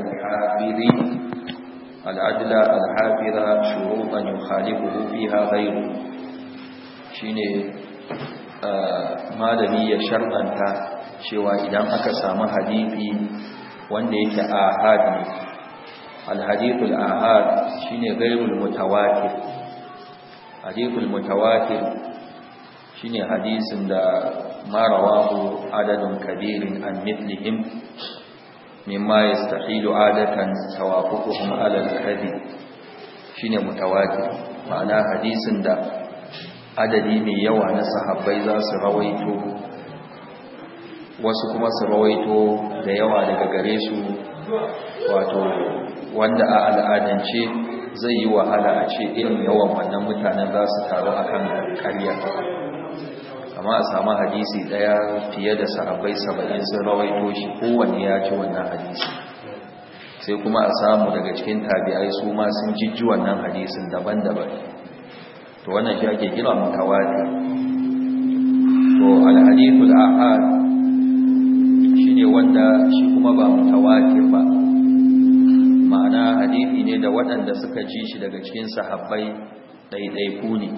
الحافظ العدل الحافظ شروطا malami ya sharɗanta cewa idan aka samu hadisi wanda yake ahad ne alhadithul ahad shine gairul mutawatir hadithul mutawatir shine hadisin da marawahu adadin kabirin an mimma yastahilu adatan tawafuquhum ala al-hadith shine mutawatir ma'ana hadisin da adadi mai yawa na sahabbai za su rawaito wasu kuma su rawaito da yawa daga gare su wato wanda a al'adance zai yi wahala a ce irin yawan wannan mutanen za su taru akan karya amma a samu hadisi daya fiye da sahabbai saba'in sun rawaito shi kowanne ya ci wannan hadisi sai kuma a samu daga cikin tabi'ai su ma sun jijji wannan hadisin daban-daban to wannan shi ake mu mutawali to alhadithul ahad ne wanda shi kuma ba mutawatir ba ma'ana hadisi ne da waɗanda suka ji shi daga cikin sahabbai ɗaiɗaiku ne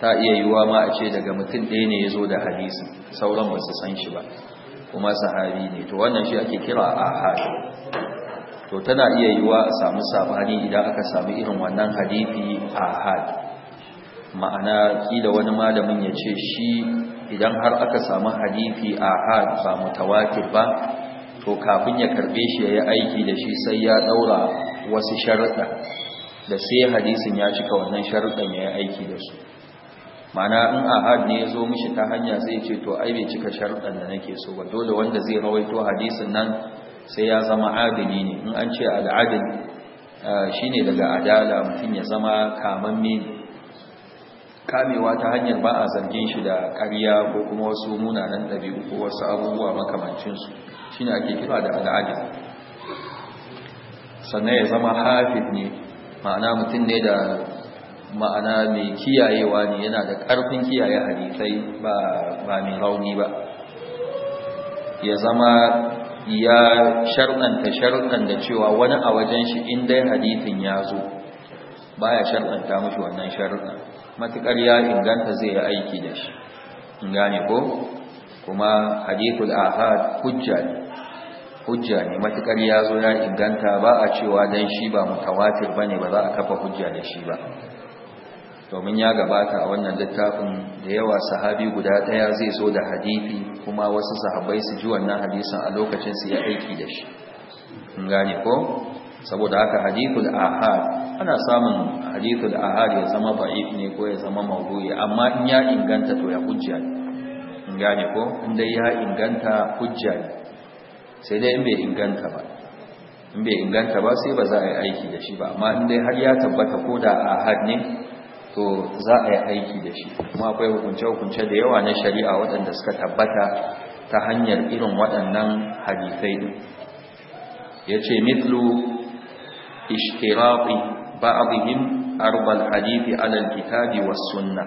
ta iya yiwuwa ma a ce daga mutum ɗaya ne ya zo da hadisi sauran ba su san shi ba kuma sahabi ne to wannan shi ake kira ahad to tana iya yiwuwa a samu sabani idan aka samu irin wannan hadisi ahad ma'ana kila wani malamin ya ce shi idan har aka samu hadisi ahad ba mutawatir ba to kafin ya karbe shi yayi aiki da shi sai ya ɗaura wasu sharuɗa da sai hadisin ya cika wannan ya yi aiki da su mana in ahad ne ya zo mishi ta hanya zai ce to ai bai cika sharuɗan da nake so ba dole wanda zai rawaito hadisin nan sai ya zama adili ne in an ce al'adil eh, shine daga adala mutum ya zama kamar ne kamewa ta hanyar ba a zargin shi da ƙarya ko kuma wasu munanan ɗabi'u ko wasu abubuwa makamancinsu shine ake kira da al'adil sannan ya zama hafid ne ma'ana mutum ne da ma'ana mai kiyayewa ne yana da ƙarfin kiyaye hadisai ba ba mai rauni ba ya zama ya sharɗanta sharɗan da cewa wani a wajen shi in dai hadisin ya zo baya sharɗanta mashi wannan sharɗan Matuƙar ya inganta zai yi aiki da shi in gane ko kuma hadithul ahad hujja ne hujja ne matuƙar ya zo ya inganta ba a cewa dan shi ba mutawatir ne ba za a kafa hujja da shi ba domin ya gabata a wannan littafin da yawa sahabi guda daya zai zo da hadithi kuma wasu sahabbai su ji wannan hadisin a lokacin su ya aiki da shi in gane ko saboda haka hadithul ahad ana samun hadithul ahad ya zama ba'if ne ko ya zama mawdu'i amma in ya inganta to ya hujja ne in gane ko in dai ya inganta hujja ne sai dai in bai inganta ba in bai inganta ba sai ba za a yi aiki da shi ba amma in dai har ya tabbata ko da ahad ne to za a yi aiki da shi kuma akwai hukunce-hukunce da yawa na shari'a waɗanda suka tabbata ta hanyar irin waɗannan hadisai ya ce mitlu ishtirafi ba'abihim arbal hadithi alal kitabi was sunna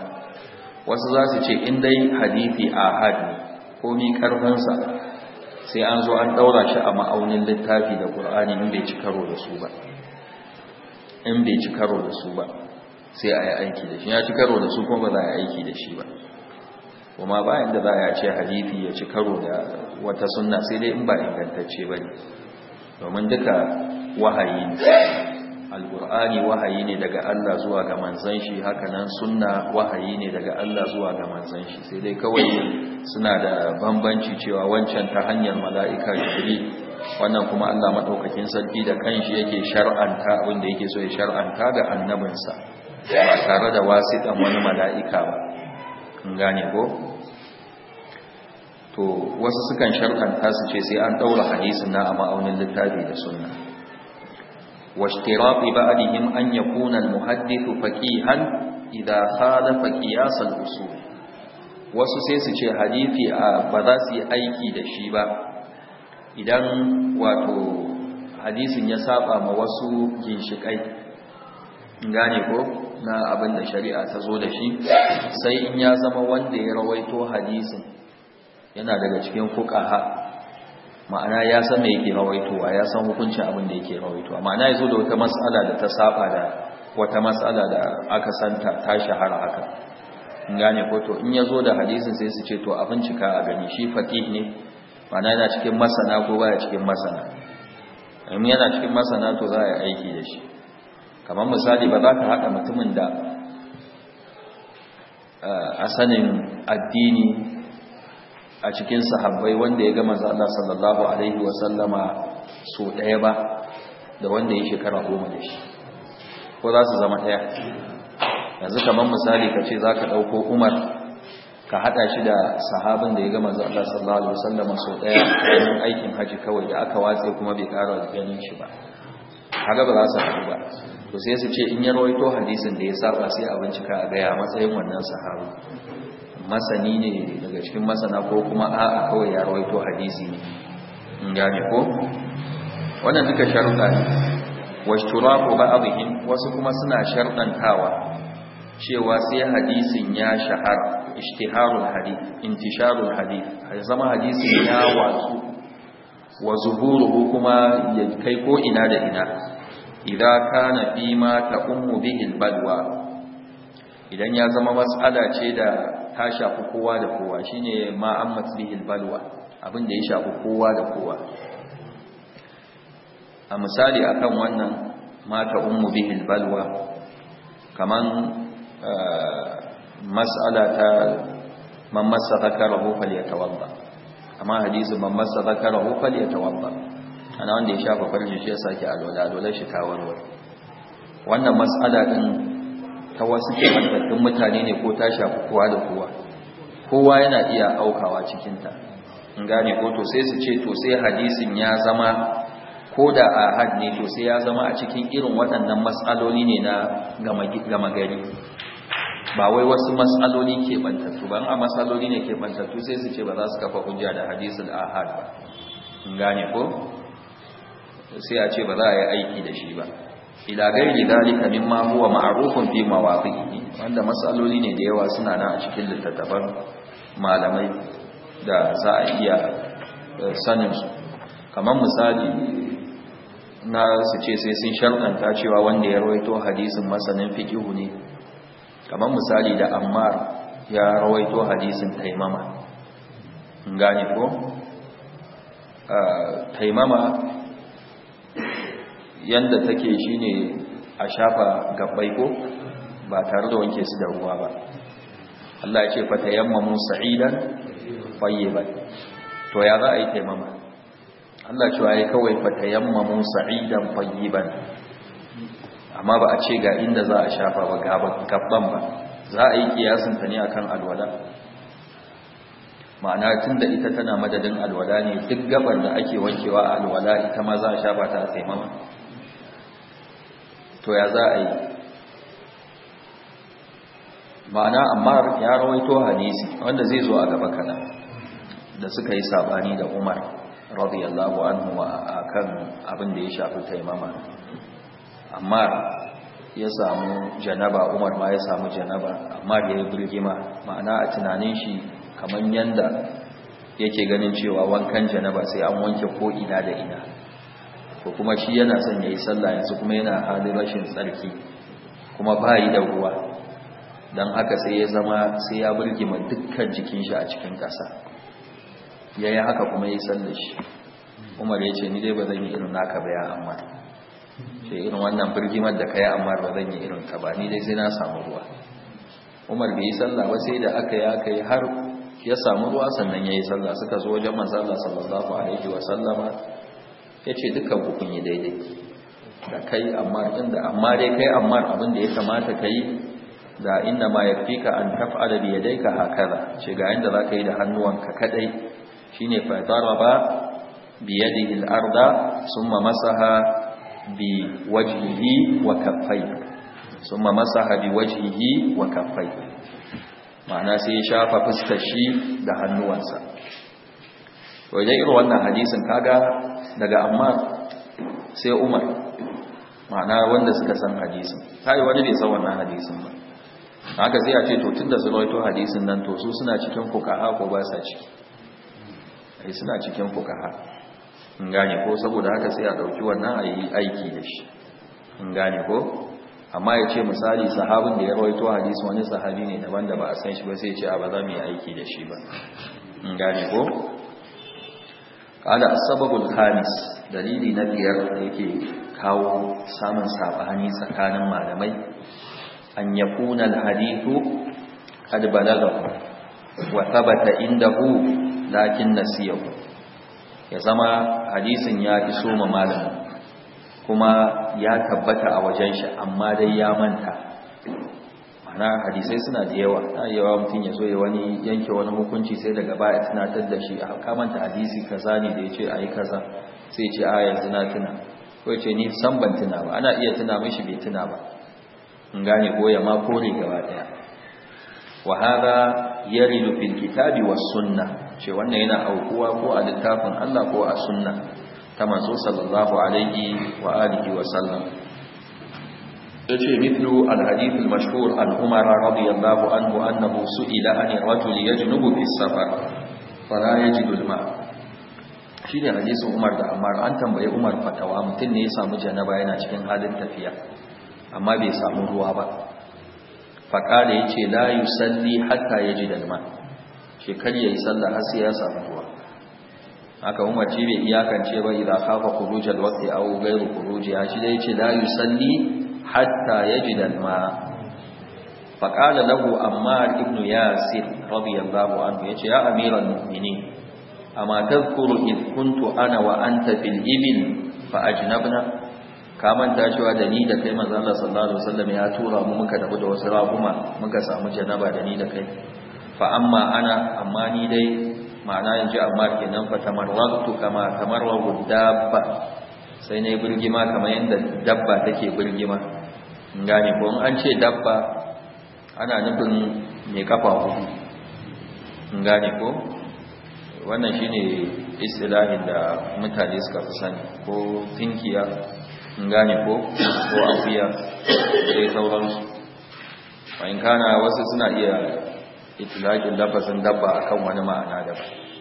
wasu za su ce in dai hadithi a ahad ko komi karfinsa sai an zo an ɗaura shi a ma'aunin littafi da ƙur'ani in bai ci in bai ci karo da su ba sai a yi aiki da shi ya ci karo da su kuma ba za a yi aiki da shi ba kuma bayan da za a ce hadithi ya ci karo da wata sunna sai dai in ba ingantacce ba ne domin duka wahayi ne qurani wahayi ne daga allah zuwa ga manzan shi hakanan sunna wahayi ne daga allah zuwa ga manzan shi sai dai kawai suna da bambanci cewa wancan ta hanyar mala'ika jibril wannan kuma allah maɗaukakin sarki da kanshi yake shar'anta abin da yake so ya shar'anta ga annabinsa ba tare da wasiɗan wani mala'ika ba in gane ko to wasu sukan sharkanta su ce sai an ɗaura hadisun na a ma'aunin littafi da sunna واشتراط بعدهم hal idan المحدث فقيها إذا خالف قياس usu wasu sai su ce a ba za su yi aiki da shi ba idan wato hadisin ya saba ma wasu ginshikai gane ko na abin da shari'a ta zo da shi sai in ya zama wanda ya rawaito hadisin yana daga cikin fuqaha ma'ana ya san me yake rawaitowa ya san hukuncin abin da yake rawaitowa ma'ana ya zo da wata mas'ala da ta saba da wata mas'ala da aka santa ta shahara haka In gane ko to in ya da hadisin sai su ce to abin cika a gani shi faqih ne ma'ana yana cikin masana ko baya cikin masana in yana cikin masana to za a yi aiki da shi kamar misali ba za ka haɗa mutumin da eh, a sanin addini a cikin sahabbai wanda ya gama zaɗa sallallahu alaihi wasallama so ɗaya ba da wanda ya shekara goma da shi ko za su zama ɗaya yanzu kamar misali ka ce za ka ɗauko umar ka haɗa shi da sahabin da ya gama zaɗa sallallahu alaihi wasallama so ɗaya domin aikin haji kawai da aka watse kuma bai ƙara ganin shi ba Haka ba za su haɗu ba to sai su ce in ya rawaito hadisin da ya saba sai a bincika a gaya matsayin wannan sahabi masani ne daga cikin masana ko kuma a'a kawai ya rawaito hadisi ne in gane ko wannan duka sharuɗa ne Wa washturaku ba'dihim wasu kuma suna sharɗantawa cewa sai hadisin ya shahar ishtiharul hadith intisharul hadith zama hadisin ya watsu wa zuhuruhu kuma ya kai ko ina da ina idza kana fi ma taqummu bihi albadwa idan ya zama mas'ala ce da ta shafi kowa da kowa shine ma ammat bihi albadwa abin da ya shafi kowa da kowa a misali akan wannan ma taqummu bihi albadwa kaman mas'ala ta man massa fal yatawadda amma hadisi man massa fal yatawadda ana wanda ya shafa farji shi ya sake alwala dole shi ta warware wannan matsala din ta wasu kebantattun mutane ne ko ta shafi kowa da kowa kowa yana iya aukawa cikinta in gane ko to sai su ce to sai hadisin ya zama ko da ahad ne to sai ya zama a cikin irin waɗannan matsaloli ne na gama gari ba wai wasu matsaloli bantattu ba a matsaloli ne ke bantattu sai su ce ba za su kafa hujja da hadisul ahad ba gane ko sai a ce ba za a yi aiki da shi ba ila gairi dalika mimma huwa ma'rufun fi mawaqi'i wanda masaloli ne da yawa suna nan a cikin littattafan malamai da za a iya eh, sanin su kamar misali na su ce sai sun sharɗanta cewa wanda ya rawaito hadisin masanin fiqihu ne kamar misali da Ammar ya rawaito hadisin taimama gane ko ah, taimama yanda take shine a shafa gabbai ko ba tare da wanke su da ruwa ba Allah ya ce fa tayammamu sa'idan tayyiban to ya za a yi tayammama Allah ce ai kawai fa tayammamu sa'idan tayyiban amma ba a ce ga inda za a shafa ba gabban ba za a yi kiyasin ta ne akan alwala ma'ana tunda ita tana madadin alwala ne duk gaban da ake wankewa a alwala ita ma za a shafa ta a to ya za a yi ma'ana amma ya rawaito hadisi wanda zai zo a gaba kana da suka yi sabani da umar radiyallahu anhu a kan abin da ya shafi taimama Amma ya samu janaba umar ma ya samu janaba amma da ya yi birgima ma'ana a tunanin shi kamar yanda yake ganin cewa wankan janaba sai an wanke ko ina da ina ko kuma shi yana son ya yi sallah yanzu kuma yana halin rashin tsarki kuma ba yi da ruwa Don haka sai ya zama sai ya ma dukkan jikin shi a cikin ƙasa yi haka kuma ya yi sallar shi Umar ya ce ni dai ba zan yi irin naka ba ya amma sai irin wannan birgimar da ka ya, amma ba zan yi irin ka ba ni dai sai na samu ruwa Umar bai yi sallah ba sai da aka yi aka yi har ya samu ruwa sannan ya yi sallah suka zo wajen manzo sallallahu alaihi wa sallama ya ce dukkan ku kun yi daidai da kai amma inda amma dai kai amma abin da ya kamata ka yi da inda ma ya fi ka an taf'ala bi yadaika hakaza ce ga yanda za ka yi da hannuwanka kadai shine fa daraba bi yadihi al-arda thumma masaha bi wa kaffayhi thumma masaha bi wajihi wa kaffayhi ma'ana sai ya shafa fuskar shi da hannuwansa to irin wannan hadisin kaga daga ammar sai umar ma'ana wanda suka san hadisin kai wani bai san wannan hadisin ba haka sai a ce to tunda su rawaito hadisin nan to su suna cikin fuqaha ko ba sa ciki ai suna cikin fuqaha in gane ko saboda haka sai a dauki wannan ayi aiki da shi in gane ko amma ya ce misali sahabin da ya rawaito hadisi wani sahabi ne daban da ba a san shi ba sai ya ce a ba za mu yi aiki da shi ba in gane ko Kada sababul khamis dalili na biyar da yake kawo samun sabani tsakanin malamai an yakuna alhadithu kad balagha wa thabata indahu lakin nasiyahu ya zama hadisin ya iso ma malamin kuma ya tabbata a wajen shi amma dai ya manta ana hadisai suna da yawa na yawa mutum ya zo ya wani yanke wani hukunci sai daga baya tunatar da shi a kamanta hadisi kaza ne da ya ce a yi kaza sai ce a yanzu na tuna ko ce ni san ban tuna ba ana iya tuna shi bai tuna ba in gane goya ma kore gaba daya wa hada yaridu kitabi wa sunna ce wannan yana aukuwa ko a littafin Allah ko a sunna ta masu sallallahu alaihi wa alihi wa sallam yace mithlu al-hadith al-mashhur an Umar radiyallahu anhu annahu su'ila an ar-rajul yajnubu fi safar fala yajidu ma shine hadisin Umar da Ammar an tambaye Umar fatawa mutum ne ya samu janaba yana cikin halin tafiya amma bai samu ruwa ba faqala yace la yusalli hatta yajida al-ma' shi kar yayi sallah har sai ya samu ruwa haka Umar ce bai iyakance ba idan kafa khuruj al-waqti aw ghayru khuruji shi da yace la yusalli hatta yajid al-ma faqala lahu ammar ibn yasir radiyallahu anhu yace ya amiral mu'minin amma tadhkuru id kuntu ana wa anta fil ibil fa ajnabna ka manta cewa da ni da kai manzo Allah sallallahu alaihi wasallam ya tura mu muka tafi da wasu raguma muka samu janaba da ni da kai fa amma ana amma ni dai ma'ana yanzu amma kenan fa tamarratu kama tamarru dabba sai na yi birgima kamar yadda dabba take birgima gani ko an ce dabba ana nufin mai kafa hudu gani ko wannan shine istilahin da mutane suka fi sani ko tinkiya gani ko ko afiya sai sauransu bayan kana wasu suna iya itilakin sun dabba akan wani ma'ana daban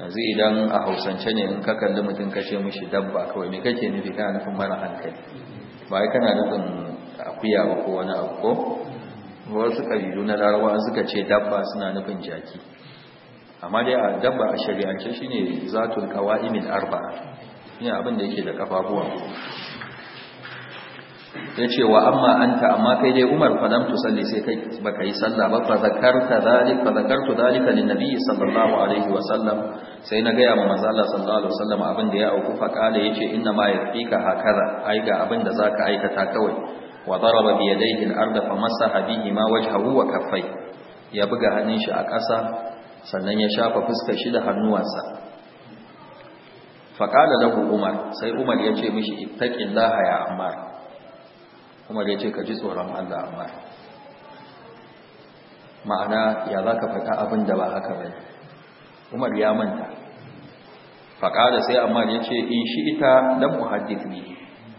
yanzu idan a hausance ne in ka kalli mutum kashe mishi dabba kawai me kake nufi kana nufin mara hankali ba ai kana nufin akuya ba ko wani abu ko wasu kabilu na larabawa suka ce dabba suna nufin jaki amma dai a dabba a shari'ance shine zatul qawaimil arba ne abin da yake da kafafuwa ya ce wa amma anta amma kai dai umar fadam tu salli sai kai baka yi sallah ba fa zakarta zalik fa zakartu zalika lin nabiy sallallahu alaihi wa sallam sai na gaya ma manzo Allah sallallahu alaihi wa sallam abin da ya auku fa kala yace inna ma yafika hakaza ai ga abin da zaka aikata kawai wa daraba bi yadayhi al-ard fa masaha bihi ma wajhahu wa kaffai ya buga hannun shi a ƙasa sannan ya shafa fuskar shi da hannuwansa fa kala lahu umar sai umar yace mishi ittaqillaha ya ammar umar ya ce ka ji tsoron allah amma ma'ana ya za ka faɗa abin da ba haka ba umar ya manta faƙa da sai amma ya ce in shi ita don mu hadith ne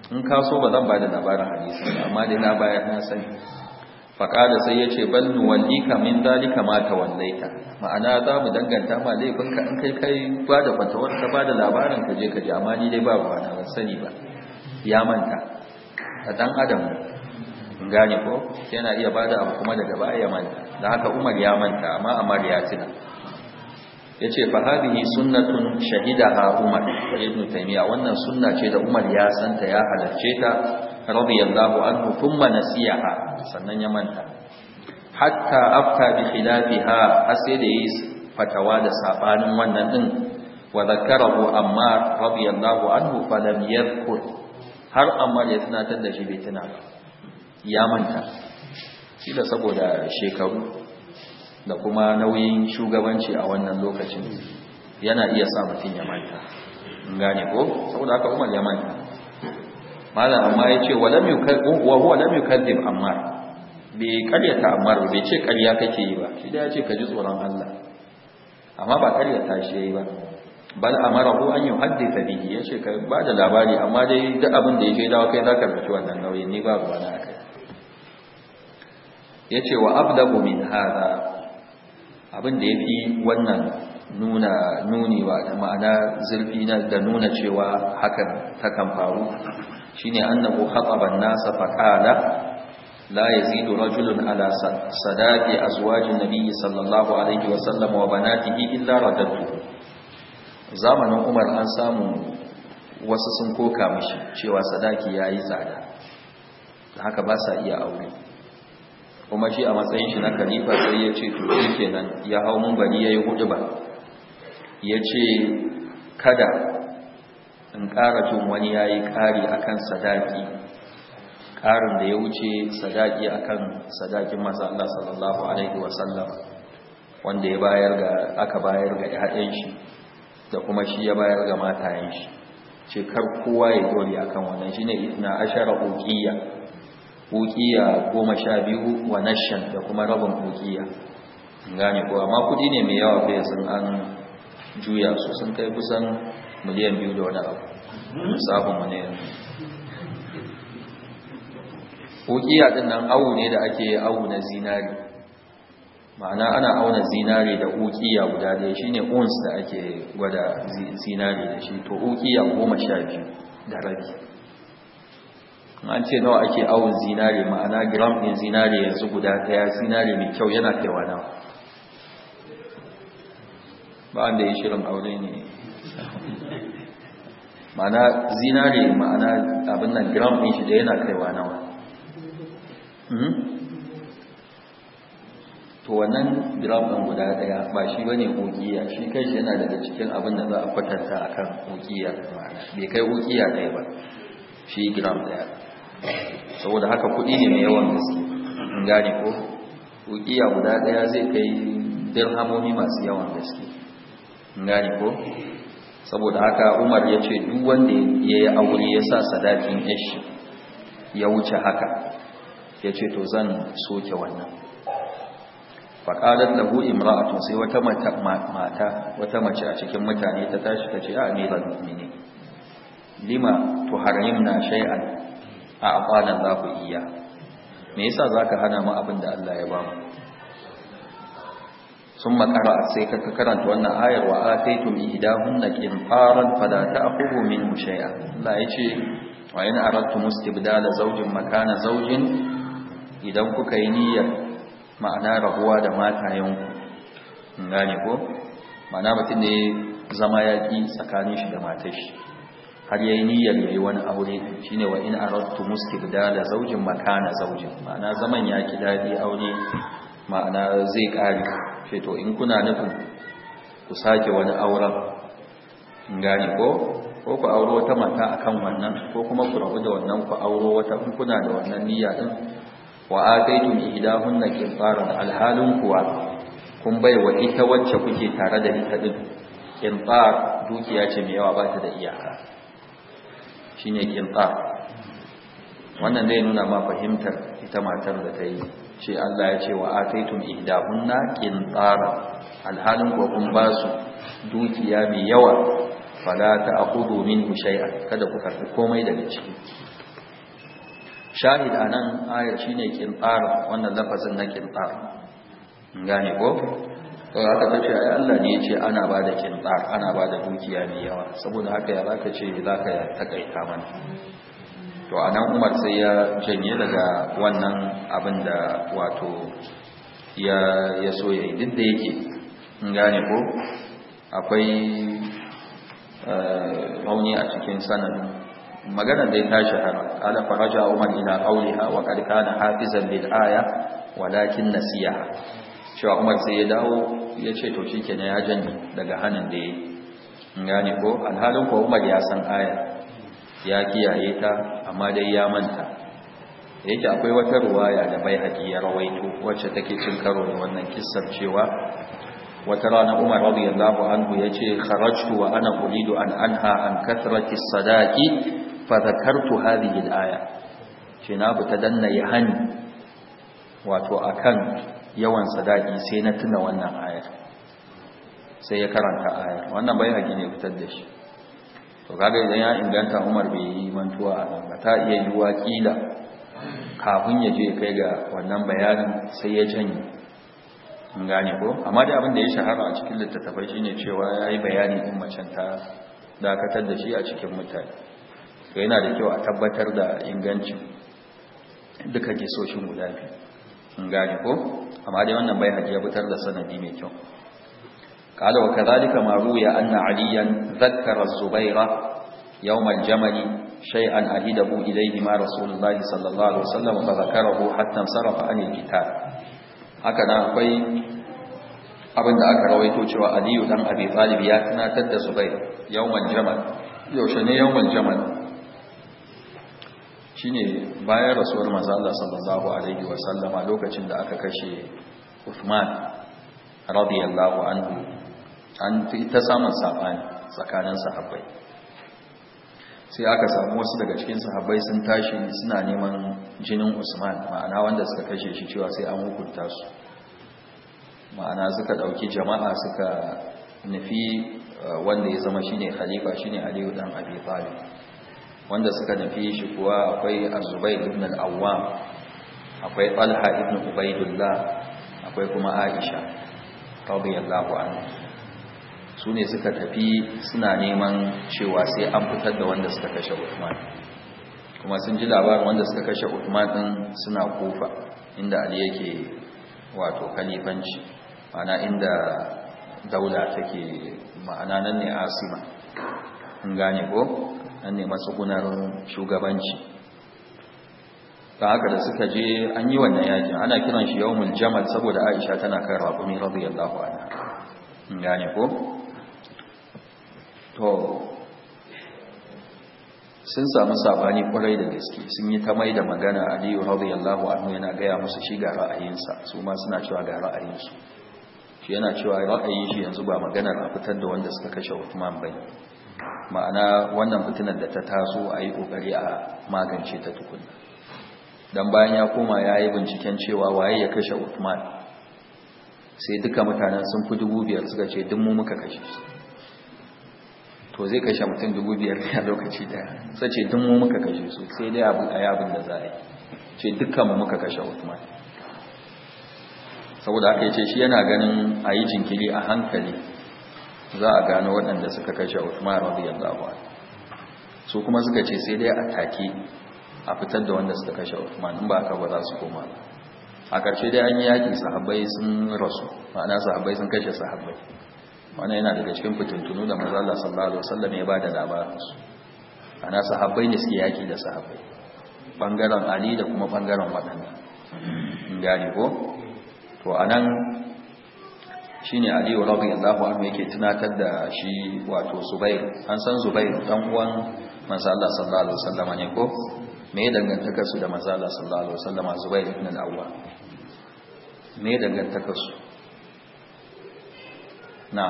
in ka so ba zan ba da labarin hadisi amma dai na baya na sani faƙa da sai ya ce ban nuwalli ka min kamata wallai ta ma'ana za mu danganta ma laifinka in kai kai ba da fatawar ka ba da labarin ka je ka ji amma ni dai ba ba na sani ba ya manta a dan adam gane ko yana iya bada abu kuma daga baya ya dan haka Umar ya manta amma Amar ya tuna yace fa hadhihi sunnatun shahidaha Umar ibn Taymiya wannan sunna ce da Umar ya santa ya halarce ta radiyallahu anhu thumma nasiyaha sannan ya manta hatta afta bi khilafiha asai da yi fatawa da sabanin wannan din wa zakarahu Ammar radiyallahu anhu fa lam yadhkur har amma ya tunatar da shi bai tuna ba ya manta shi da saboda shekaru da kuma nauyin shugabanci a wannan lokacin yana iya sa mutum ya manta gane ko saboda haka umar ya manta malam amma ya ce wa lam yukazzib ammar bai karyata ammar bai ce karya kake yi ba shi da ya ce ka ji tsoron Allah amma ba karyata shi yayi ba bal amarahu an yuhaddisa bihi yace ka ba da labari amma dai duk abin da yake dawo kai zaka rubuci wannan nauyin ni ba ruwa na akai yace wa abdabu min hada abin da yafi wannan nuna nuni wa da ma'ana zurfi na da nuna cewa hakan takan faru shine annabu khataba an-nasa faqala la yazidu rajulun ala sadaqi azwajin nabiy sallallahu alaihi wa sallam wa banatihi illa radadtuhu zamanin umar an samu wasu sun koka mashi cewa sadaki ya yi tsada da haka ba sa iya aure kuma shi a matsayin shi na kalifa sai ya ce to shi kenan ya hau mun bari ya yi hudu ba ya ce kada in ƙara jin wani ya yi ƙari a kan sadaki ƙarin da ya wuce sadaki a kan sadakin masu Allah sallallahu Alaihi wasallam wanda ya bayar ga aka bayar ga 'ya'yan shi da kuma shi ya bayar ga matayen shi ce kar kowa ya dole akan wannan shine itna ashara uqiya uqiya goma sha biyu wa nashan da kuma rabin uqiya gane ko amma kudi ne mai yawa fa sun an juya su sun kai kusan miliyan biyu da wani abu sabon mu yanzu uqiya din nan awu ne da ake awu na zinari ma'ana ana auna zinari da ukiya guda ɗaya shine ons da ake gwada zinari da shi to ukiya goma sha biyu da rabi an ce nawa ake awon zinari, ma'ana gram ɗin zinari yanzu guda ɗaya zinari mai kyau yana kaiwa nawa ba wanda ya shirin aure ne ma'ana zinari ma'ana abin nan gram ɗin shi da yana kaiwa nawa hmm? to wannan ɗin guda ɗaya ba shi bane ukiya shi kai shi yana daga cikin abin da za a kwatanta akan ukiya bai kai ukiya ɗaya ba shi gram ɗaya saboda haka kuɗi ne mai yawan gaske in gane ko ukiya guda ɗaya zai kai dirhamomi masu yawan gaske in gane ko saboda haka umar ya ce duk wanda ya yi aure ya sa sadakin ishi ya wuce haka ya ce to zan soke wannan faƙalar lahu imra'atun sai wata mata wata mace a cikin mutane ta tashi ta ce a amiran mu'mini lima tuharrim na shay'an a afanan za ku iya me yasa za ka hana mu abin da Allah ya ba mu sun makara sai ka karanta wannan ayar wa ataitum ihdahunna qintaran fala ta'khudhu minhu shay'an Allah ya ce wa in aradtum zaujin zawjin makana zaujin idan kuka yi niyyar ma'ana rabuwa da matayenku in gane ko ma'ana mutum ne zama yaƙi tsakanin shi da matar shi har yayi niyyar yayi wani aure shine wa in aradtu mustibdala zawjin makana zawjin ma'ana zaman ya ƙi dadi aure ma'ana zai ƙari ce to in kuna nufin ku sake wani auren in gane ko ko ku auro wata mata akan wannan ko kuma ku rabu da wannan ku auro wata in kuna da wannan niyya din wa ataitum ihdahunna qintaran alhalun kuwa kun bai wa ita wacce kuke tare da ita din qintar dukiya ce mai yawa ba ta da iyaka shine qintar wannan zai nuna ma fahimtar ita matar da ta yi ce Allah ya ce wa ataitum ihdahunna qintara alhalin ko kun ba su dukiya mai yawa fala ta'khudhu minhu shay'an kada ku karbi komai daga ciki shahid anan, nan aya shi ne wannan lafazin na ƙintar gane ko to haka ta ce Allah ne ya ce ana ba da ƙintar ana ba da dukiya mai yawa saboda haka ya zaka ce za ka taƙaita mana to a nan umar sai ya janye daga wannan abin da wato ya so ya yi duk da yake gane ko akwai eh, rauni a cikin sanin magana dai ta shahara ala faraja umar ila qawliha wa qad kana hafizan bil aya walakin nasiha cewa umar sai ya dawo ya ce to ne ya janye daga hanin da yi. gane ko alhalin ko umar ya san aya ya kiyaye ta amma dai ya manta yake akwai wata ruwaya da bai haƙi ya rawaito wacce take cin karo da wannan kissar cewa wata rana umar radiyallahu anhu ya ce kharajtu wa ana uridu an anha an kathrati sadaqi fa zakartu hadhihi al-aya ce na bu ta danna ya hani wato akan yawan sadaki sai na tuna wannan ayar sai ya karanta ayar wannan bai haƙi ne fitar da shi to kaga idan ya inganta Umar bai yi mantuwa a nan ba ta iya yiwa kila kafin ya je kai ga wannan bayanin sai ya janye in gane ko amma da abin da ya shahara a cikin littattafai shine cewa yayi bayani din macen ta dakatar da shi a cikin mutane to yana da kyau a tabbatar da ingancin duka gisoshin guda biyu in gane ko amma dai wannan bai hajiya fitar da sanadi mai kyau قال وكذلك ما روي أن عليا ذكر الزبير يوم الجمل شيئا أهده إليهما رسول الله صلى الله عليه وسلم فذكره حتى انصرف عن الكتاب هكذا أقول abin da aka rawaito cewa Aliyu dan Abi Talib ya tunatar da Zubair yawmal yaushe ne Shi ne bayan rasuwar mazala Allah sallallahu alaihi wasallama lokacin da aka kashe Uthman radiyallahu anhu an ta samun sabani tsakanin sahabbai sai aka samu wasu daga cikin sahabbai sun tashi suna neman jinin Usman ma'ana wanda suka kashe shi cewa sai an hukunta su ma'ana suka ɗauki jama'a suka nufi eh, wanda ya zama shine khalifa shine Aliyu dan Abi Talib wanda suka nufi shi kuwa akwai azubair ibn al-awwam akwai talha ibn ubaidullah akwai kuma aisha radiyallahu anha su ne suka tafi suna neman cewa sai an fitar da wanda suka kashe Uthman kuma sun ji labarin wanda suka kashe Uthman din suna kufa inda Ali yake wato kalifanci ma'ana inda daula take ma'ana nan ne asima in gane ko An nema matsugunar shugabanci ta haka da suka je an yi wannan yajin ana kiran shi yawon jamal saboda aisha tana kan raƙumi radiyallahu anha gane ko to sun samu sabani kwarai da gaske sun yi ta mai da magana aliyu radiyallahu anhu yana gaya musu shi ga ra'ayinsa su ma suna cewa ga ra'ayinsu shi yana cewa ra'ayin shi yanzu ba maganar a fitar da wanda suka kashe Uthman bane ma'ana wannan fitinar da ta taso a yi ƙoƙari a magance ta tukunna don bayan ya koma ya yi binciken cewa waye ya kashe Uthman sai duka mutanen sun fi dubu biyar suka ce duk mu muka kashe su to zai kashe mutum dubu biyar a lokaci daya sai ce duk mu muka kashe su sai dai abu a yabin da za a yi ce dukkan mu muka kashe Uthman saboda haka ya ce shi yana ganin a yi jinkiri a hankali za a gano waɗanda suka kashe Uthman radiyallahu anhu su kuma suka ce sai dai a take a fitar da wanda suka kashe Uthman in ba ka ba za su koma a ƙarshe dai an yi yaƙi sahabbai sun rasu ma'ana sahabbai sun kashe sahabbai wannan yana daga cikin fitintunu da manzo Allah sallallahu alaihi wasallam ya bada labarin su ana sahabbai ne suke yaƙi da sahabbai bangaren Ali da kuma bangaren waɗannan in gane ko to anan shine aliyu radiyallahu anhu yake tunatar da shi wato zubair an san zubair dan uwan manzo Allah sallallahu alaihi wasallam ne ko me dangantaka su da manzo Allah sallallahu alaihi wasallam zubair ibn al-awwa me dangantaka su na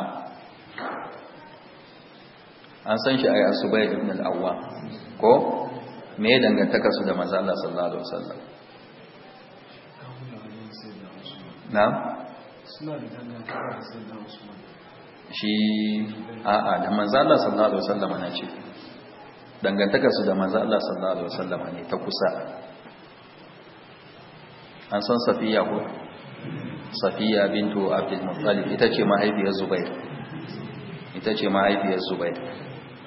an san shi ai zubair ibn al-awwa ko me dangantaka su da manzo Allah sallallahu alaihi wasallam na shi a'a da manzo Allah sallallahu alaihi wasallam na ce dangantaka su da manzo Allah sallallahu alaihi wasallam ne ta kusa an san safiya ko safiya bintu abdul muttalib ita ce mahaifiyar zubair ita ce mahaifiyar zubair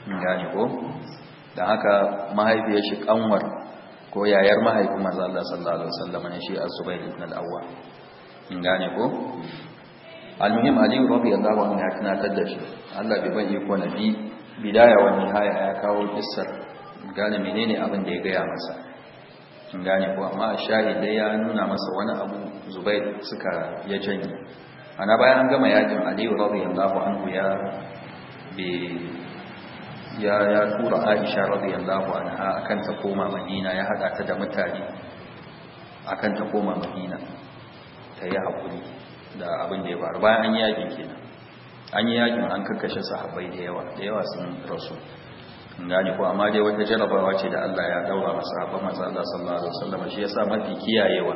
gane ko dan haka mahaifiyar shi kanwar ko yayar mahaifin manzo Allah sallallahu alaihi wasallam ne shi az-zubair ibn al-awwal gane ko ali rabbi Allahu an ya tunatar da shi Allah bai ban iko na bi bidaya wa nihaya ya kawo kissar gane menene abin da ya gaya masa gane ko amma shahidai ya nuna masa wani abu zubair suka ya janye ana bayan an gama yakin aliyu Allahu an ya bi ya ya tura aisha radiyallahu anha akan ta koma madina ya hada ta da mutane akan ta koma madina ta yi haƙuri da abin da ya faru bayan an yi yakin kenan an yi yakin an kakkashe sahabbai da yawa da yawa sun rasu gani ko amma dai wata jarabawa ce da Allah ya daura ma sahabban masu Allah sallallahu Alaihi wasallam shi ya mafi kiyayewa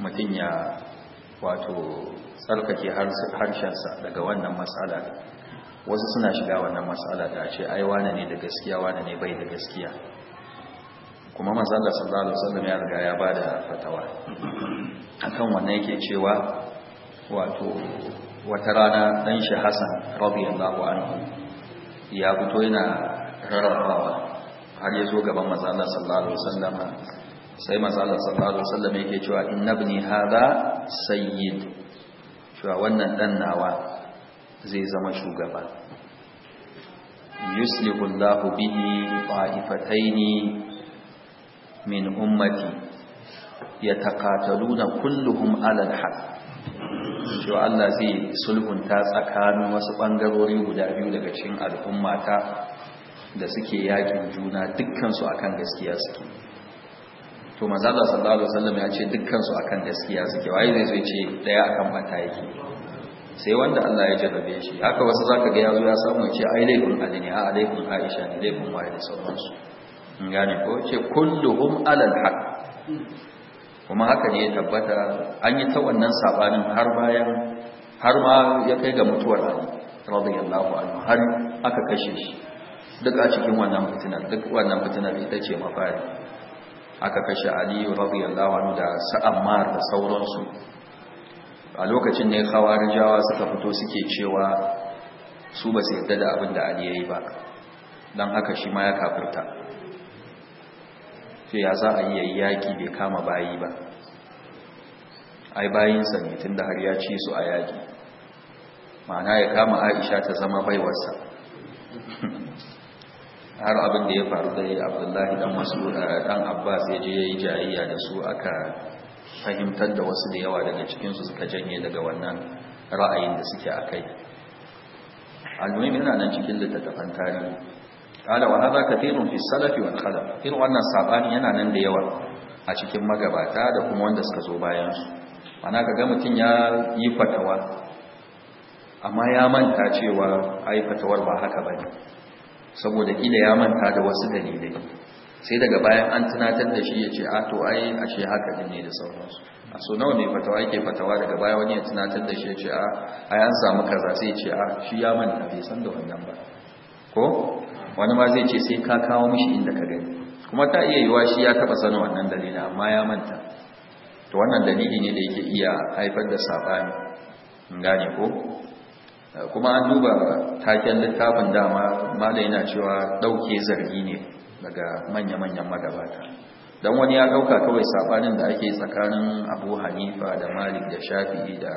mutum ya wato tsarkake harshensa daga wannan matsala wasu suna shiga wannan matsala da ce ai wane ne da gaskiya wane ne bai da gaskiya kuma manzan da sallallahu alaihi wasallam ya riga ya bada fatawa akan wannan yake cewa wato wata rana dan shi Hassan radiyallahu anhu ya fito yana rarrabawa har ya zo gaban manzan da sallallahu alaihi wasallam sai manzan da sallallahu alaihi wasallam yake cewa innabni hadha sayyid cewa wannan dan nawa zai zama shugaba yuslihu Allahu bihi qa'ifataini min ummati na kulluhum alal haqq cewa Allah zai sulhunta tsakanin wasu ɓangarori guda biyu daga cikin al'ummata da suke yakin juna dukkansu akan gaskiya suke to manzo Allah sallallahu alaihi ya ce dukkansu akan gaskiya suke waye zai so ce ɗaya akan bata yake sai wanda Allah ya jarrabe shi haka wasu zaka ga yazo ya samu ya ce ai laifin Ali a laifin Aisha ne laifin waye da sauransu in gane ko ce kulluhum alal haq kuma haka ne ya tabbata an yi ta wannan sabanin har bayan har ma ya kai ga mutuwar Ali radiyallahu anhu har aka kashe shi duk a cikin wannan fitina duk wannan fitinar ita ce mafari aka kashe Ali radiyallahu anhu da sa'amar da sauransu a lokacin ne khawarijawa suka fito suke cewa su ba su yarda da abin da Ali yayi ba dan haka shi ma ya kafirta to ya za a yi yaƙi bai kama bayi ba ai bayinsa ne tun da har ya ci su a yaƙi ma'ana ya kama aisha ta zama baiwarsa har abin da ya faru da ya abdullahi dan masu eh, dan abbas ya je ya yi jayayya da su aka fahimtar da wasu da yawa daga cikinsu suka janye daga wannan ra'ayin da suke a kai almuhim yana nan cikin littattafan tarihi qala wa hada kathirun fi salafi wal khalaf irin wannan sabani yana nan da yawa a cikin magabata da kuma wanda suka zo bayan su ana kaga mutun ya yi fatawa amma ya manta cewa ai fatawar ba haka bane saboda kila ya manta da wasu dalilai sai daga bayan an tunatar da shi ya a to ai ashe haka din ne da sauransu a so nawa ne fatawa yake fatawa daga baya wani ya tunatar da shi ya a ai an samu kaza sai ya a shi ya manta bai san da wannan ba ko wani ma zai ce sai ka kawo mishi inda ka gani kuma ta iya yiwa shi ya taba sanin wannan dalilin amma ya manta to wannan dalili ne da yake iya haifar da sabani in gane ko kuma an duba taken littafin dama mala yana cewa dauke zargi ne daga manya-manyan magabata don wani ya dauka kawai sabanin da ake tsakanin abu hanifa da malik da shafi'i da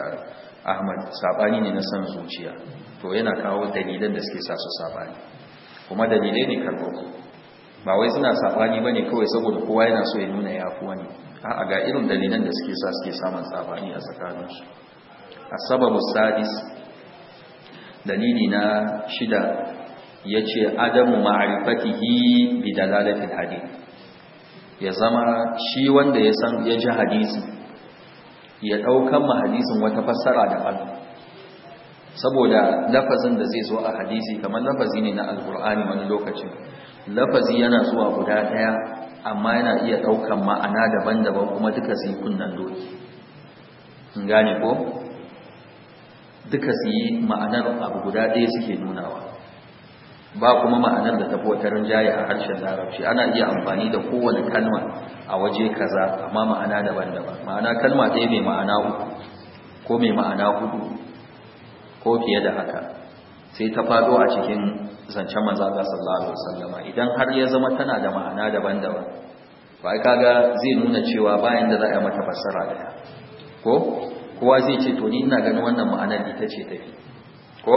ahmad sabani ne na san zuciya to yana kawo dalilan da suke sa su sabani kuma dalilai ne karɓarku ba wai suna saɓani ba ne kawai saboda kowa yana so ya nuna ya fi wani a ga irin dalilan da suke sa suke samun saɓani a tsakaninsu a sababu sadis dalili na shida ya ce adamu ma'arifatihi bi dalalatin hadith ya zama shi wanda ya san ya ji hadisi ya ɗaukan ma hadisin wata fassara da daban saboda lafazin da zai zo a hadisi kamar lafazi ne na alkur'ani wani lokacin lafazi yana zuwa guda daya amma yana iya daukan ma'ana daban-daban kuma duka su yi kunnan doki in gane ko duka su yi ma'anar abu guda daya suke nunawa ba kuma ma'anar da tafi wata rinjaye a harshen larabci ana iya amfani da kowane kalma a waje kaza amma ma'ana daban-daban ma'ana kalma ɗaya mai ma'ana uku ko mai ma'ana hudu ko fiye da haka sai ta fado a cikin zancen manzala sallallahu alaihi wasallam idan har ya zama tana da ma'ana daban-daban ba kaga zai nuna cewa bayan da za a mata fassara da ya ko kowa zai ce to ni ina ganin wannan ma'anar ita ce fi? ko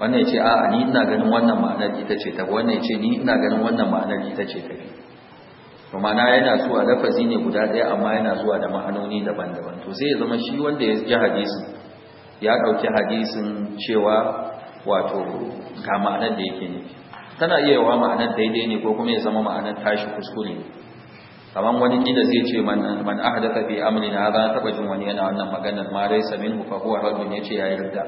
wannan ce a'a ni ina ganin wannan ma'anar ita ce ta wannan ce ni ina ganin wannan ma'anar ita ce ta to ma'ana yana zuwa lafazi ne guda daya amma yana zuwa da ma'anoni daban-daban to sai ya zama shi wanda ya ji hadisi ya ɗauki hadisin cewa wato ga ma'anar da yake nufi tana iya yawa ma'anar daidai ne ko kuma ya zama ma'anar tashi kuskure kamar wani kila zai ce man ahdatha fi za hadha taɓa jin wani yana wannan maganar ma dai samin fa huwa raddun ce yayi ridda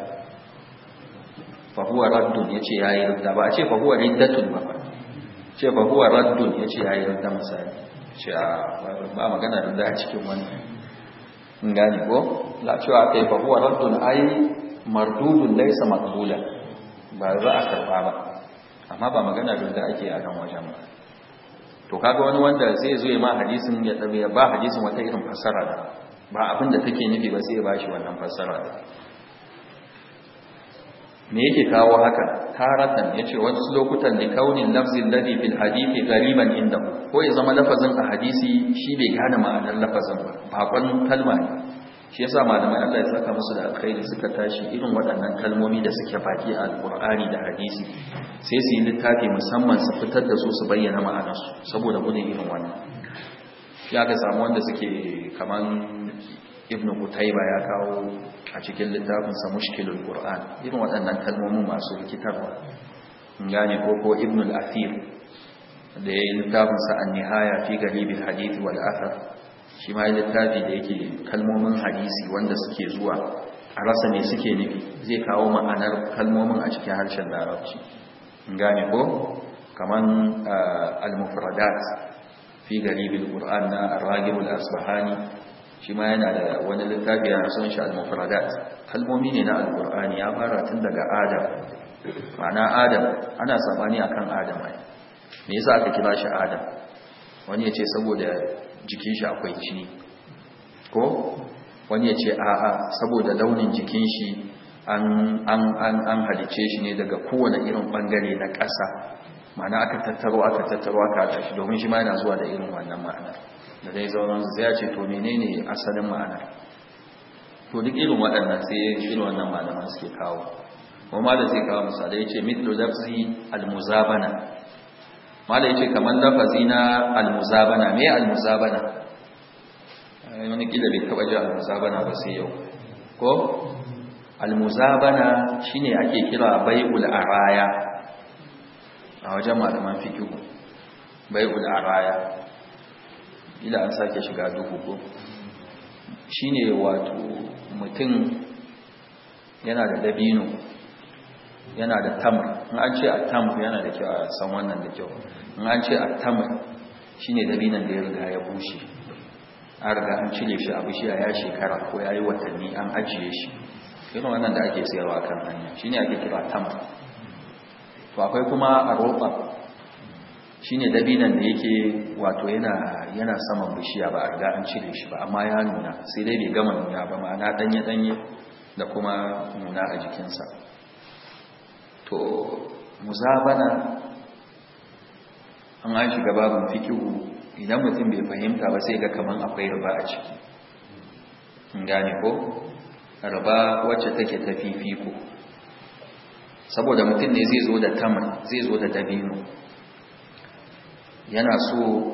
fa huwa raddun ya yayi ridda ba a ce fa huwa riddatun ba fa ce fa huwa raddun yace yayi ridda misali ce ba magana ridda a cikin wannan ngani ko la cewa kai fa huwa raddun ai mardudun laysa maqbula ba za a karba ba amma ba magana da ake a kan wajen ba to kaga wani wanda zai zo ya ma hadisin ya dabe ba hadisin wata irin fassara da ba abin da take nufi ba sai ya bashi wannan fassara da me yake kawo haka taratan yace wasu lokutan da kaunin lafzin ladhi fil hadithi gariban inda ko ya zama lafazin a hadisi shi bai gane ma'anar lafazin ba bakon kalma ne shi yasa malamai Allah ya saka musu da alkhairi suka tashi irin waɗannan kalmomi da suke baki a alqur'ani da hadisi sai su yi littafi musamman su fitar da su su bayyana ma'anarsu saboda gudun irin wannan ya ga samu wanda suke kaman ibn kutaiba ya kawo a cikin littafinsa Mushkilul Qur'an irin waɗannan kalmomin masu rikitarwa gane ko ibn al-Athir da ya yi littafinsa An-Nihaya fi Galibil Hadith wal Athar shi ma littafi da yake kalmomin hadisi wanda suke zuwa a rasa ne suke nufi zai kawo ma'anar kalmomin a cikin harshen Larabci gane ko kaman ah, al-mufradat fi Galibil Qur'an na Ar-Raghib al-Asbahani shi ma yana da wani littafi a sun shi al-mufradat kalmomi ne na alqur'ani ya fara tun daga adam ma'ana adam ana sabani akan adam ai me yasa aka kira shi adam wani yace saboda jikin shi akwai jini ko wani yace a'a saboda launin jikin shi an an an an halice shi ne daga kowane irin bangare na ƙasa ma'ana aka tattaro aka tattaro aka tashi domin shi ma yana zuwa da irin wannan ma'anar da dai zauran zai ce to menene asalin ma'ana to duk irin waɗannan sai shirin wannan malaman suke kawo kuma da zai kawo misali ya ce mitlu lafzi almuzabana mala ya ce kamar lafazi na almuzabana me almuzabana eh, wani kila bai taɓa ji almuzabana ba sai yau ko almuzabana shine ake kira bai'ul araya a wajen malaman fikihu bai'ul araya ila an sake shiga duhu ko shine wato mutum yana da dabino yana da tamar in an ce atamar yana da kyau a san wannan da kyau in an ce atamar shine dabinan da ya riga ya bushe an riga an cire shi a bishiya ya shekara ko ya yi watanni an ajiye shi irin wannan da ake sayarwa kan hanya shine ake kira tamar to akwai kuma a roba shine dabinan da yake wato yana yana saman bishiya ba a riga an cire shi ba amma ya nuna sai dai bai gama nuna ba ma'ana danye-danye da kuma nuna a jikinsa to muzabana an an shiga babin fikihu idan mutum bai fahimta ba sai ga kaman akwai riba a ciki gane ko riba wacce take ta fifiko saboda mutum ne zai zo da tamar zai zo da dabino yana so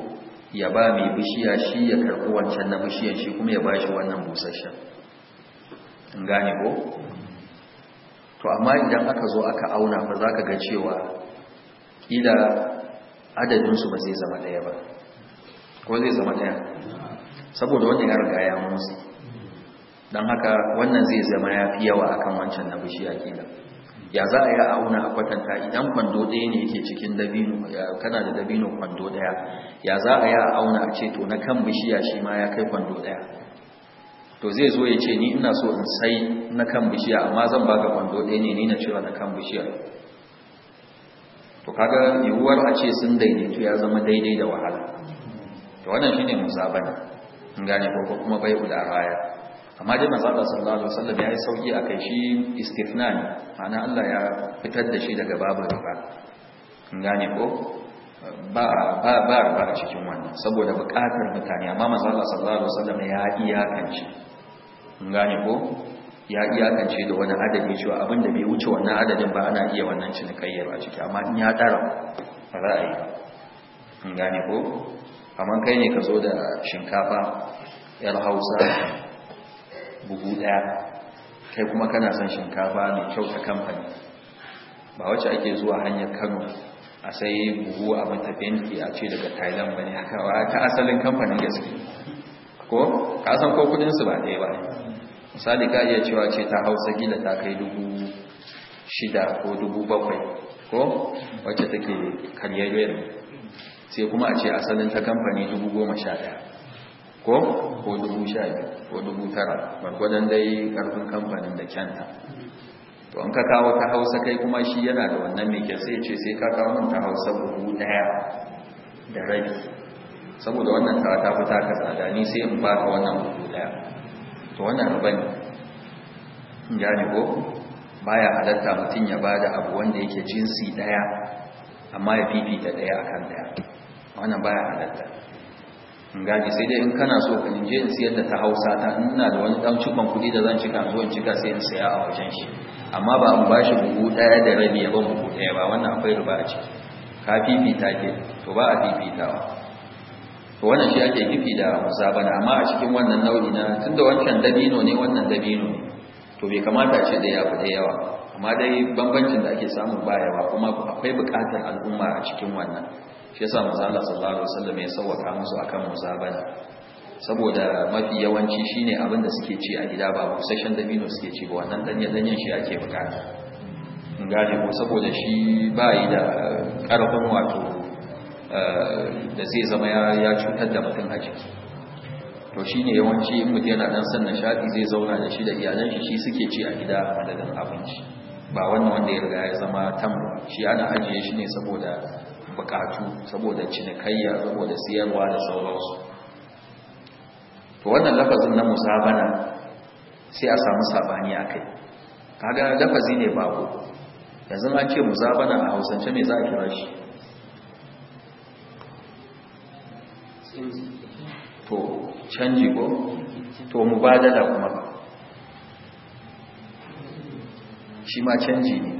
ya ba mai bishiya shi ya karɓi wancan na bishiyan shi kuma ya ba shi wannan busasshen in gane ko to amma idan aka zo aka auna ba za ka ga cewa ƙila adadinsu ba zai zama ɗaya ba ko zai zama ɗaya saboda wani ya riga ya musu don haka wannan zai zama ya fi yawa akan wancan na bishiya ƙila ya za a yi auna a kwatanta idan kwando ɗaya ne yake cikin dabino kana da dabino kwando ɗaya ya za a yi auna a ce to na kan bishiya shi ma ya kai kwando ɗaya to zai zo ya ce ni ina so in sai na kan bishiya amma zan baka kwando ɗaya ne ni na cewa na kan bishiya to kaga yiwuwar a ce sun daidaito ya zama daidai da wahala to wannan shine musabana in gane ko kuma bai da haya amma dai manzo Allah sallallahu alaihi wasallam ya yi sauki akai shi istithna ne ana Allah ya fitar da shi daga babu riba gane ko ba ba ba ba cikin wannan saboda buƙatar mutane amma manzo Allah sallallahu alaihi wasallam ya iyakance gane ko ya kanci da wani adadi cewa abin da bai wuce wannan adadin ba ana iya wannan cinikayyar a ciki amma in ya tsara ra'ayi gane ko amma kai ne ka zo da shinkafa yar hausa buhu daya kai kuma kana son shinkafa mai kyau ta kamfani ba wacce ake zuwa hanyar kano a sai buhu a mata fenti a ce daga thailand bane haka wa ta asalin kamfanin gaske ko ka san ko kudin su ba ɗaya ba misali ka iya cewa ce ta hausa gida ta kai dubu shida ko dubu bakwai ko wacce take karyar sai kuma a ce asalin ta kamfani dubu goma sha daya ko ko dubu sha biyu ko dubu tara gwargwadon dai karfin kamfanin da kyanta to an ka kawo ta hausa kai kuma shi yana da wannan mai kyau sai ce sai ka kawo ta hausa buhu daya da rabi saboda wannan ta ta fita ka tsada ni sai in ba ka wannan buhu daya to wannan ruban ya ne ko baya halatta mutum ya bada abu wanda yake jinsi daya amma ya fifita daya akan daya wannan baya halatta gane sai dai in kana so ka je in siyar da ta hausa ta ina da wani dan cikon kudi da zan cika zo in cika sai in saya a wajen shi amma ba in bashi buhu ɗaya da rabi ya ban buhu ɗaya ba wannan akwai riba a ciki ka fifita ke to ba a ba. to wannan shi ake fifi da musabana amma a cikin wannan nau'i na tunda wancan dabino ne wannan dabino ne to bai kamata ce da ya fi yawa amma dai bambancin da ake samu ba yawa kuma akwai buƙatar al'umma a cikin wannan shi yasa manzo Allah sallallahu alaihi wasallam ya sawwaka musu akan muzabana saboda mafi yawanci shine abin da suke ci a gida ba busasshen dabino suke ci ba wannan danye danyen shi ake bukata in gane ko saboda shi ba yi da karfin wato eh, da zai zama ya cutar da mutum a ciki, to shine yawanci in mutum yana dan son nishadi zai zauna da shi da iyalan shi shi suke ci a gida madadin abinci ba wannan wanda ya riga ya zama tamar shi ana ajiye shi ne saboda bukatu saboda cinikayya saboda siyarwa da sauransu to wannan lafazin na musabana sai a samu sabani akai kaga lafazi ne bako yanzu an ce musabana a hausance me za a kira shi to canji ko to mubadala kuma shi ma canji ne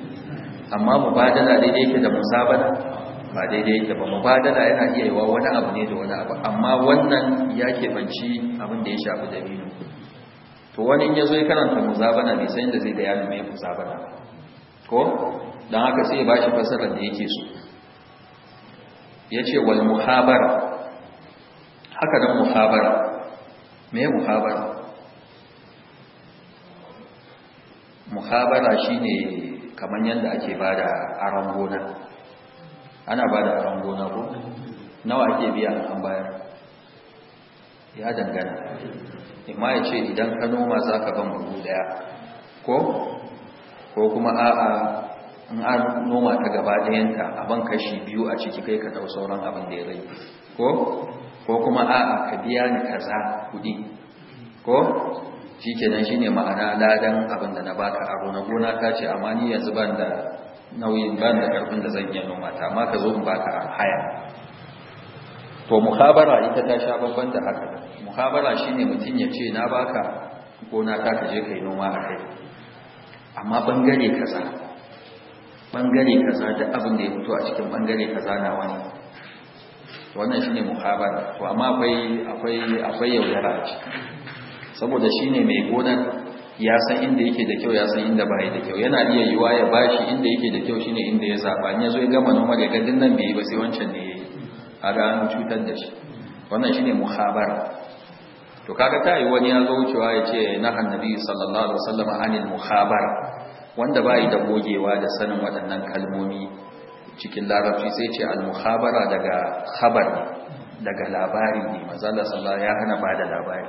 amma mubadala daidai ke da musabana ba daidai yake ba mubadala yana iya yiwa wani abu ne da wani abu amma wannan ya keɓanci abin da ya shafi dalilu to wani in ya zo ya karanta muzabana bai san da zai bayani mai muzabana ko don haka sai ya ba shi fasarar da yake so ya ce wal muhabara haka don muhabara me muhabara muhabara shine kamar yadda ake ba da aron gona ana ba da aron gona ko nawa ake biya an bayar ya dangana imma ya ce idan ka noma za ka ban buhu daya ko ko kuma a'a in an noma ta gaba ɗayanta a ban kashi biyu a ciki kai ka ɗau sauran abin da ya rai ko ko kuma a'a ka biya ni kaza kuɗi ko shi kenan shine ma'ana ladan abin da na baka aro na gona ta ce amma ni yanzu ban da nauyin ba da karfin da zan iya noma ta amma ka zo in baka haya to muhabara ita ta sha babban da haka muhabara shine mutum ya ce na baka gona ta ka je kai noma a kai amma bangare kaza bangare kaza da abin da ya fito a cikin bangare kaza na wani wannan shine muhabara to amma akwai akwai akwai yaudara a ciki saboda shine mai gonar ya san inda yake da kyau ya san inda bai da kyau yana iya yiwa ya bashi inda yake da kyau shine inda ya zaba ne yazo ya gama noma ya nan dinnan bai ba sai wancan ne yayi ga an cutar da shi wannan shine muhabara to kaga yi wani zo wucewa ya ce na annabi sallallahu alaihi wasallam anil muhabara wanda bai da gogewa da sanin waɗannan kalmomi cikin larabci sai ce al muhabara daga khabar daga labari ne manzo Allah ya hana ba da labari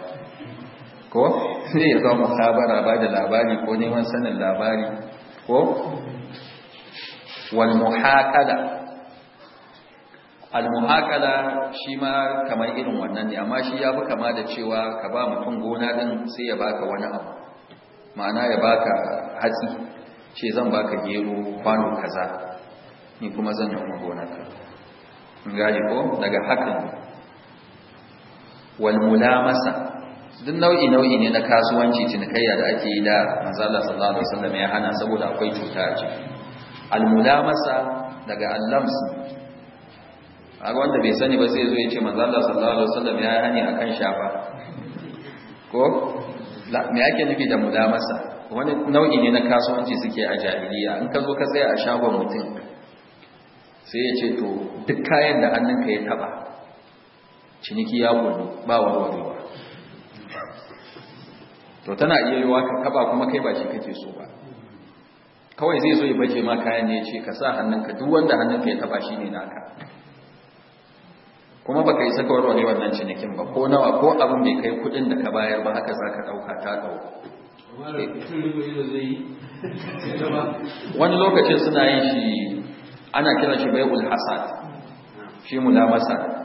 ko sai ya zama muhabara ba da labari ko neman sanin labari ko wal muhakala al-muhakala shi ma kamar irin wannan ne amma shi ya fi kama da cewa ka ba mutum gona din sai ya baka wani abu ma'ana ya baka hatsi ce zan baka gero kwano kaza ni kuma zan noma gona ka gane ko daga hakan wal mulamasa duk nau'i nau'i ne na kasuwanci cinikayya da ake yi da manzala sallallahu alaihi wasallam ya hana saboda akwai cuta a ciki almulamasa daga allams a wanda bai sani ba sai zo ya ce manzala sallallahu alaihi wasallam ya hani akan shafa ko me yake nufi da mulamasa wani nau'i ne na kasuwanci suke a jahiliya in ka zo ka tsaya a shagon mutum sai ya ce to duk kayan da hannunka ya taba ciniki ya gudu ba warwarewa to tana iya yiwa ka kaba kuma kai ba shi kake so ba kawai zai zo ya bace ma kayan ne ya ce ka sa hannunka duk wanda hannunka ya taba shi ne naka kuma baka yi sakawar wani wannan cinikin ba ko nawa ko abin mai kai kudin da ka bayar ba haka zaka dauka ta dauka wani lokacin suna yin shi ana kiran shi ul hasad shi mulamasa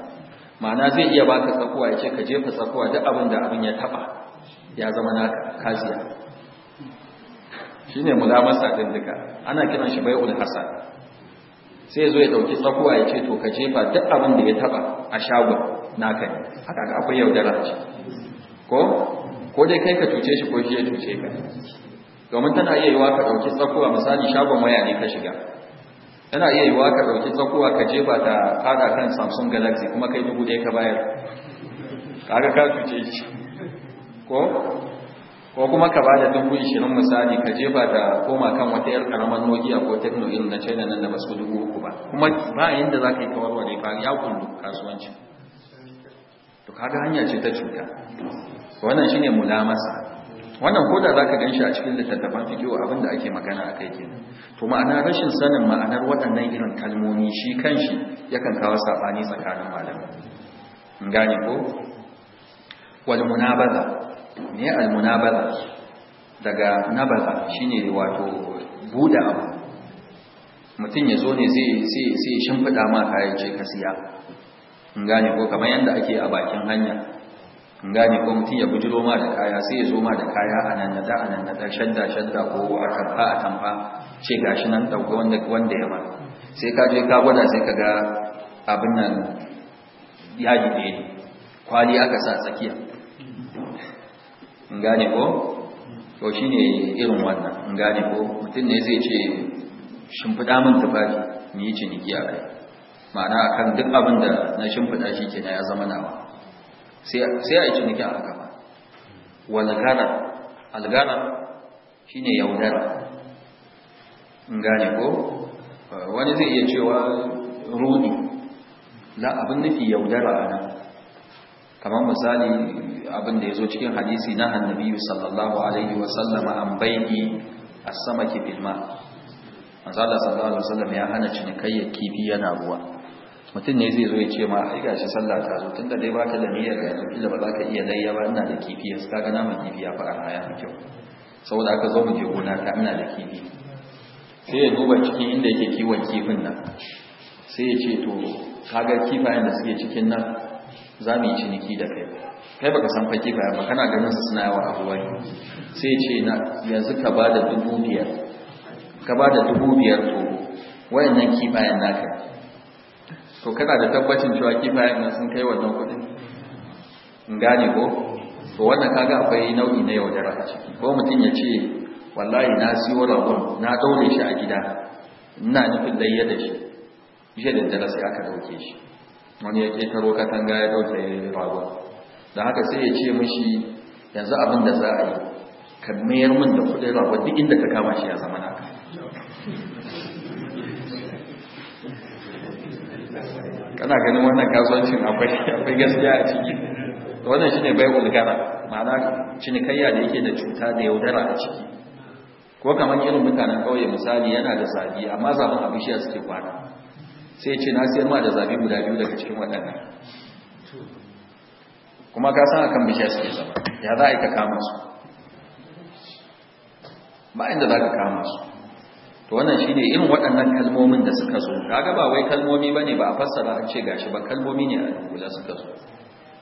ma'ana zai iya baka tsakuwa ya ce ka jefa tsakuwa duk abin da abin ya taba ya zama na kaziya mu mulamasa din duka ana kiran shi bai'ul hasan sai zo ya dauki tsakuwa ya ce to ka jefa duk abin da ya taba a shagon naka ne haka ga akwai yaudara ce ko ko dai kai ka cuce shi ko shi ya cuce ka domin tana iya yiwa ka dauki tsakuwa misali shagon waya ne ka shiga tana iya yiwa ka dauki tsakuwa ka jefa ta fada kan Samsung Galaxy kuma kai dubu ɗaya ka bayar kaga ka cuce shi ko ko kuma ka bada dubu ishirin misali ka jefa da koma kan wata yar karamar nokia ko techno irin na china nan da basu dubu uku ba kuma ba yadda za ka yi kawarware ba ya kullu kasuwanci to kaga hanya ce ta cuta wannan shine mulamasa wannan koda za ka ganshi a cikin littattafan fikiyo abinda ake magana a kai kenan to ma'ana rashin sanin ma'anar waɗannan irin kalmomi shi kanshi yakan kawo saɓani tsakanin malamai gane ko wal munabaza ne almunabaza daga nabaza shine wato buda abu mutum ya zo ne sai shimfiɗa ma kayan ce ka siya in gane ko kamar yadda ake a bakin hanya in gane ko mutum ya bujiro ma da kaya sai ya zo ma da kaya a nan nada a nan nada shadda shadda ko a fa, a fa. ce gashi nan ɗauka wanda ya ma sai ka je ka gwada sai ka ga abin nan ya ji ɗaya kwali aka sa tsakiya in gane ko to shi ne irin wannan in gane ko mutum ne zai ce shimfiɗa min tufafi ni yi ciniki a kai ma'ana a kan duk abin da na shimfiɗa shi ke na ya zama nawa sai a yi ciniki a haka ba walgara algara shi ne yaudara in gane ko wani zai iya cewa rudi la abin nufi yaudara a nan kamar misali abin da ya zo cikin hadisi na annabi sallallahu alaihi wasallama an baiki a samaki bil ma manzala sallallahu alaihi wasallam ya hana cinikayyar kifi yana ruwa mutum ne zai zo ya ce ma ai gashi sallah ta zo tunda dai baka da niyyar ga yanzu kila ba za ka iya layya ba ina da kifi yanzu ka ga naman kifi ya fara haya mu kyau saboda aka zo mu je gona ta ina da kifi sai ya duba cikin inda yake kiwon kifin nan sai ya ce to kaga kifayen da suke cikin nan za mu yi ciniki da kai kai baka san faki ba ba kana ganin su suna yawa abuwa sai ce na yanzu ka ba da dubu biyar ka ba da dubu biyar to wayannan kifayen naka to kana da tabbacin cewa kifayen nan sun kai wannan kuɗin in gane ko to wannan kaga akwai nau'i na yaudara a ciki ko mutum ya ce wallahi na siyo rabon na daure shi a gida ina nufin layya da shi jiya da dare sai aka dauke shi wani ya ƙetaro katanga ya ɗauke ya rago da haka sai ya ce mashi yanzu abin da za a yi ka mayar min da kudin rago duk inda ka kama shi ya zama naka kana ganin wannan kasuwancin akwai gaskiya a ciki wannan shine bai gulgara, ma'ana cinikayya da yake da cuta da yaudara a ciki ko kamar irin mutanen kauye misali yana da zabi amma zaben abin shi suke kwana sai ce na siyar ma da zabi guda biyu daga cikin waɗannan kuma ka san akan bishiya suke zama ya za a yi ka kama su ba inda za ka kama su to wannan shine irin waɗannan kalmomin da suka zo kaga ba wai kalmomi bane ba a fassara an ce gashi ba kalmomi ne a dubula suka zo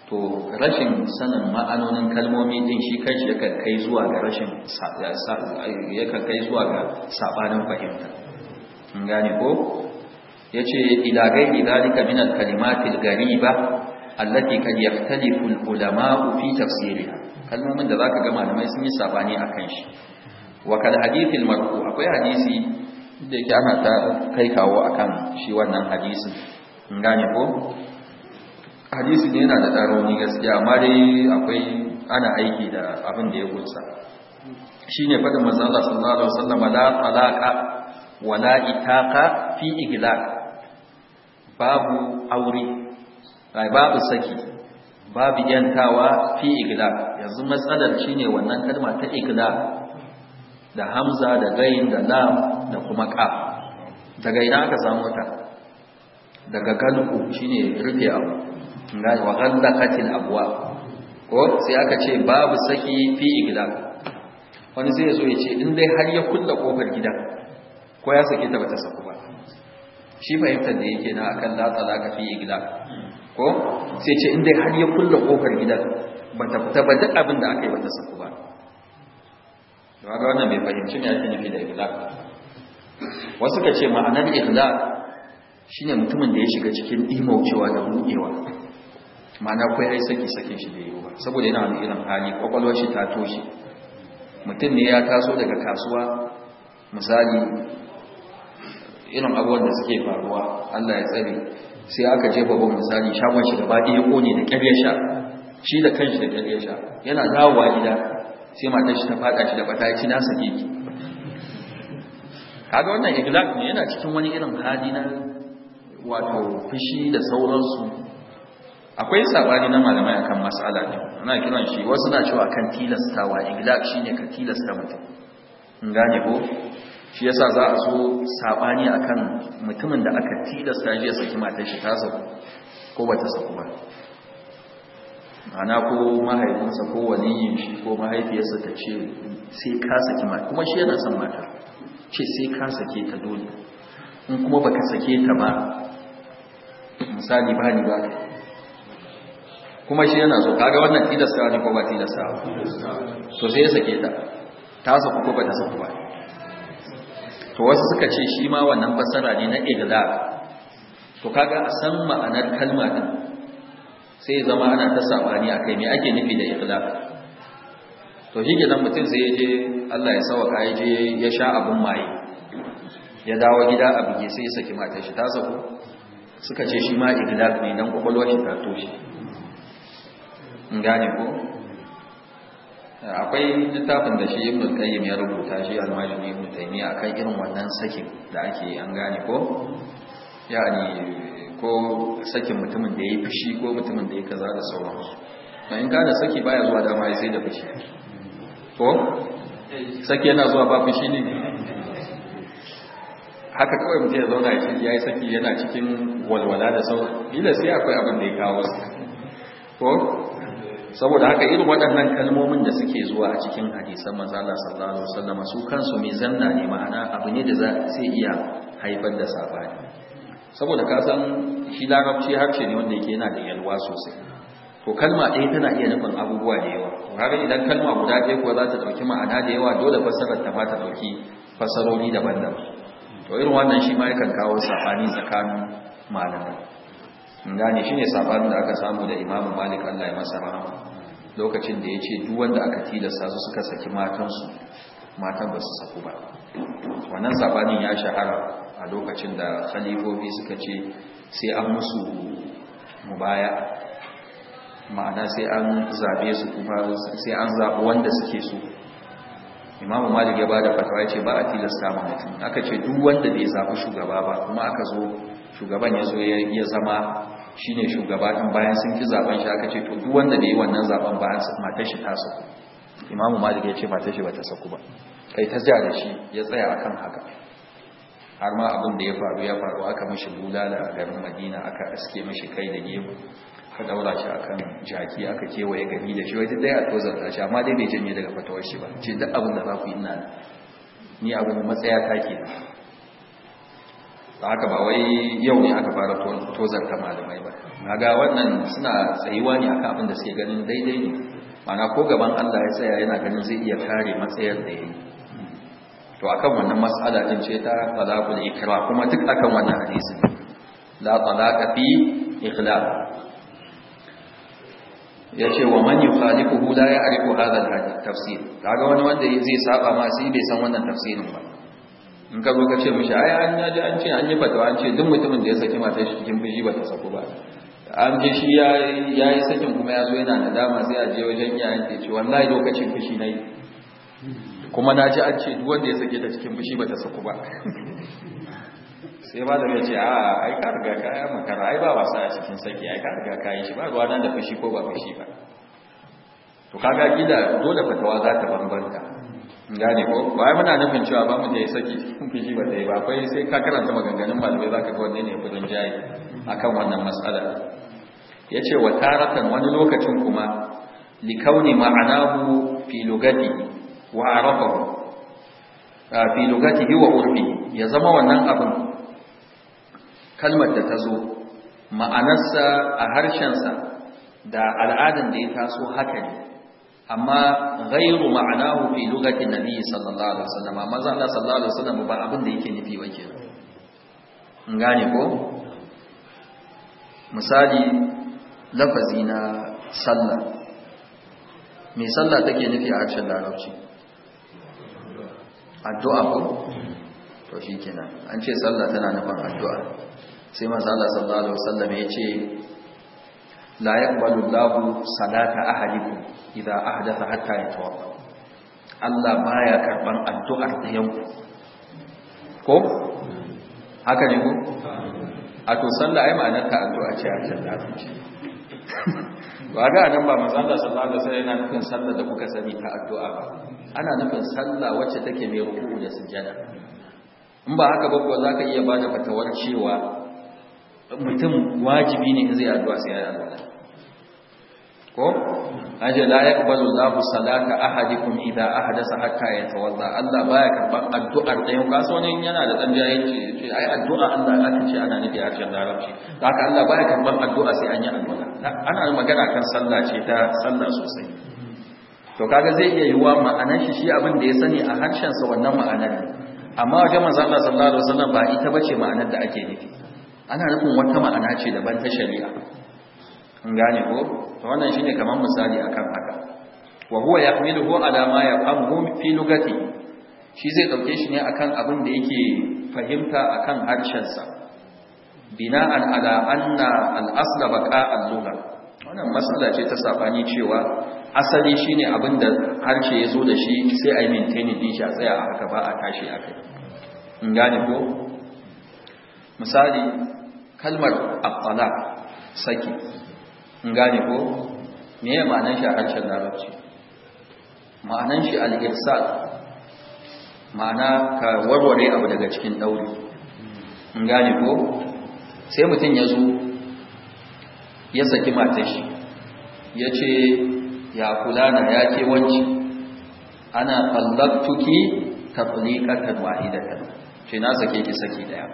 to rashin sanin ma'anonin kalmomi din shi kanshi ya kai zuwa ga rashin ya kai zuwa ga sabanin fahimta in gane ko yace ila gairi zalika min al-kalimat al-ghariba allati kad yahtalifu al-ulama fi tafsiriha kalmomin da za zaka ga malamai sun yi sabani akan shi Wakar Hadithin Marku, akwai hadisi da yake ana ta kai kawo a kan shi wannan hadisin, in gane ko hadisi ne yana da tsaroni gaskiya amma dai akwai ana aiki da abin da ya gunsa shine fadin manzon Allah sallallahu alaihi wasallam wala itaqa fi iglaq babu aure babu saki babu yantawa fi igla yanzu matsalar shine wannan kalma ta igla da hamza da gain da lam da kuma ka daga ina aka samu ta daga kalku shine rufe abu ngai wa ghallaqatil abwa ko sai aka ce babu saki fi igla wani zai so ya ce in dai har ya kulle kofar gidan ko ya saki ta bata saku ba shi fahimtar da yake na akan za ka fi gida, ko sai ce inda har ya kulle kofar gidan bata fita ba duk abin da aka yi ta saku ba to ga wannan bai fahimci ne ake nufi da gida wasu ka ce ma'anar shi ne mutumin da ya shiga cikin imaucewa da buɗewa ma'ana kai ai saki sakin shi da ba, saboda yana da irin hali kwakwalwar shi ta toshe mutum ne ya taso daga kasuwa misali irin abubuwan da suke faruwa Allah ya tsare sai aka jefa ba misali shagon shi gaba ɗaya ƙone da ƙyar sha shi da kanshi da ƙyar sha yana dawowa gida sai matar shi ta faɗa shi da bataci na sake ki kaga wannan iglak ne yana cikin wani irin hali na wato fushi da sauransu akwai sabani na malamai akan mas'ala ne ana kiran shi wasu na cewa kan tilastawa iglak shine ka tilasta mutum in gane ko shi yasa za a zo sabani akan mutumin da aka tilasta shi ya saki matar shi ta saku ko ba ta saku ba ana ko mahaifinsa ko waliyin shi ko mahaifiyarsa ta ce sai ka saki mata kuma shi yana son mata ce sai ka sake ta dole in kuma baka sake ta ba misali ba ni ba kuma shi yana so kaga wannan tilasta ne ko ba tilasta ba to sai ya sake ta ta saku ko ba ta saku ba to wasu suka ce shi ma wannan fasara ne na Igla. to kaga a san ma'anar kalma din sai zama ana ta sabani akai me ake nufi da Igla. to shi nan mutum sai ya je Allah ya sawaka ya je ya sha abun maye ya dawo gida a bige sai ya saki matar shi ta sako suka ce shi ma Igla ne dan kwakwalwar shi ta toshe in gane ko akwai littafin da shi yin qayyim ya rubuta shi al-majmu mutane a kan irin wannan sakin da ake an gane ko ne ko sakin mutumin da ya fushi ko mutumin da ya kaza da sauran to in ka saki baya zuwa dama sai da fushi ko saki yana zuwa ba fushi ne haka kawai mutum ya zauna ya yi saki yana cikin walwala da sauran ila sai akwai abin da ya kawo sa ko saboda haka irin waɗannan kalmomin da suke zuwa a cikin hadisan manzala sallallahu alaihi wasallam su kansu mai zanna ne ma'ana abu ne da zai iya haifar da sabani saboda ka san shi larabci harshe ne wanda yake yana da yalwa sosai to kalma ɗaya tana iya nufin abubuwa da yawa har idan kalma guda ɗaya kuwa za ta ɗauki ma'ana da yawa dole fassarar ta ba ta ɗauki fassarori daban-daban to irin wannan shi ma yakan kawo sabani tsakanin malamai gane ne sabanin da aka samu da imamu Malik Allah ya masa rahama lokacin da ya ce duk wanda aka tilasta su suka saki matansu matan ba su saku ba wannan sabanin ya shahara a lokacin da khalifofi suka ce sai an musu mubaya ma'ana sai an zabe su kuma sai an zaɓi wanda suke so imamu malik ya bada fatawa ya ce ba a tilasta ma mutum aka ce duk wanda bai zaɓi shugaba ba kuma aka zo shugaban ya zo ya zama Shi shugaba kan bayan sun fi zaben shi aka ce to duk wanda da yi wannan zaben bayan sun shi ta saku imamu malik ya ce matar shi bata saku ba kai ta ja da shi ya tsaya akan haka har ma abin da ya faru ya faru aka mishi bulala a garin madina aka aske mishi kai da gefe aka daura shi akan jaki aka kewaye gari da shi wai duk dai a da shi amma dai bai janye daga fatawar shi ba ce duk abin da za ku yi ina ni abin matsaya ta kenan da haka ba wai yau ne aka fara tozarta malamai ba na ga wannan suna tsayuwa ne akan abin da suke ganin daidai ne mana ko gaban Allah ya tsaya yana ganin zai iya kare matsayar da ya to akan wannan mas'ala din ce ta ku da ikira kuma duk akan wannan hadisi la ka fi Ya ce wa man yukhaliquhu la ya'rifu hadha al-tafsir kaga wani wanda zai saba ma sai bai san wannan tafsirin ba in ka zo ka ce mishi ai an yaji an ce an yi fatawa an ce duk mutumin da ya saki mata shi cikin fushi ba ta saku ba an ji shi ya yi sakin kuma ya zo yana nadama sai a je wajen iyayen ke ce wallahi lokacin fushi na yi kuma na ji an ce duk wanda ya sake ta cikin fushi ba ta saku ba sai ba da ya ce a ai ka riga ka yi makara ai ba wasa a cikin saki ai ka riga ka yi shi ba ruwa nan da fushi ko ba fushi ba to kaga gida dole fatawa za ta bambanta gane ko ba ai muna nufin cewa ba mu da ya saki shi ba dai ba akwai sai ka karanta maganganun malamai zaka ga wanne ne kudin jayi akan wannan mas'ala yace wa taratan wani lokacin kuma likauni ma'anahu fi lugati wa arafahu fi lugati wa urfi ya zama wannan abin kalmar da ta zo ma'anarsa a harshensa da al'adan da ya taso haka ne amma ghairu ma'anahu fi lughati nabi sallallahu alaihi wasallam amma Allah sallallahu alaihi wasallam ba abin da yake nufi ba kenan in gane ko misali lafazi na sallah me sallah take nufi a harshen larabci addu'a ko to shi kenan. an ce sallah tana nufin addu'a sai manzo Allah sallallahu alaihi wasallam ya ce لا يقبل الله صلاة أهلكم إذا أحدث hatta yatawadda Allah baya karban addu'ar تؤرد ku ko haka ne ko a to sallah ai ma'anar ta addu'a ce a cikin lafiya ba ga nan ba manzo Allah sallallahu alaihi wasallam yana nufin sallah da kuka sani ta addu'a ba ana nufin sallah wacce take mai ruku da sujada in ba haka ba ko zaka iya bada fatawar cewa mutum wajibi ne in zai addu'a sai ya Allah ko aje la yaqbalu Allahu salata ahadikum idha ahdasa hatta yatawadda Allah baya karban addu'ar ɗaya. ka so ne yana da dan jayanci ce ai addu'a Allah aka ce ana nufi a cikin larabci haka Allah baya karban addu'a sai an yi addu'a. ana magana kan sallah ce ta sallah sosai to kaga zai iya yiwa ma'anar shi shi abin da ya sani a harshen sa wannan ma'anar ne amma wajen manzon Allah sallallahu alaihi wasallam ba ita bace ma'anar da ake nufi ana nufin wata ma'ana ce daban ta shari'a in gane ko to wannan shine kamar misali akan haka wa huwa yahmiluhu ala ma yafhamuhu fi lugati shi zai dauke shi ne akan abin da yake fahimta akan harshen sa bina'an ala anna al-asla baqa al-lugha wannan masala ce ta sabani cewa asali shine abin da harshe yazo da shi sai ai maintaining din shi a tsaya a haka ba a tashi a kai in gane ko misali kalmar at saki in gane ko me ya ma'anar shi a harshen larabci ma'anar shi al ma'ana ka warware abu daga cikin ɗauri in gane ko sai mutum ya zo ya saki matar shi ya ce ya kulana ya ke wanci ana fallaktuki tabliqatan wahidatan ce na sake ki saki daya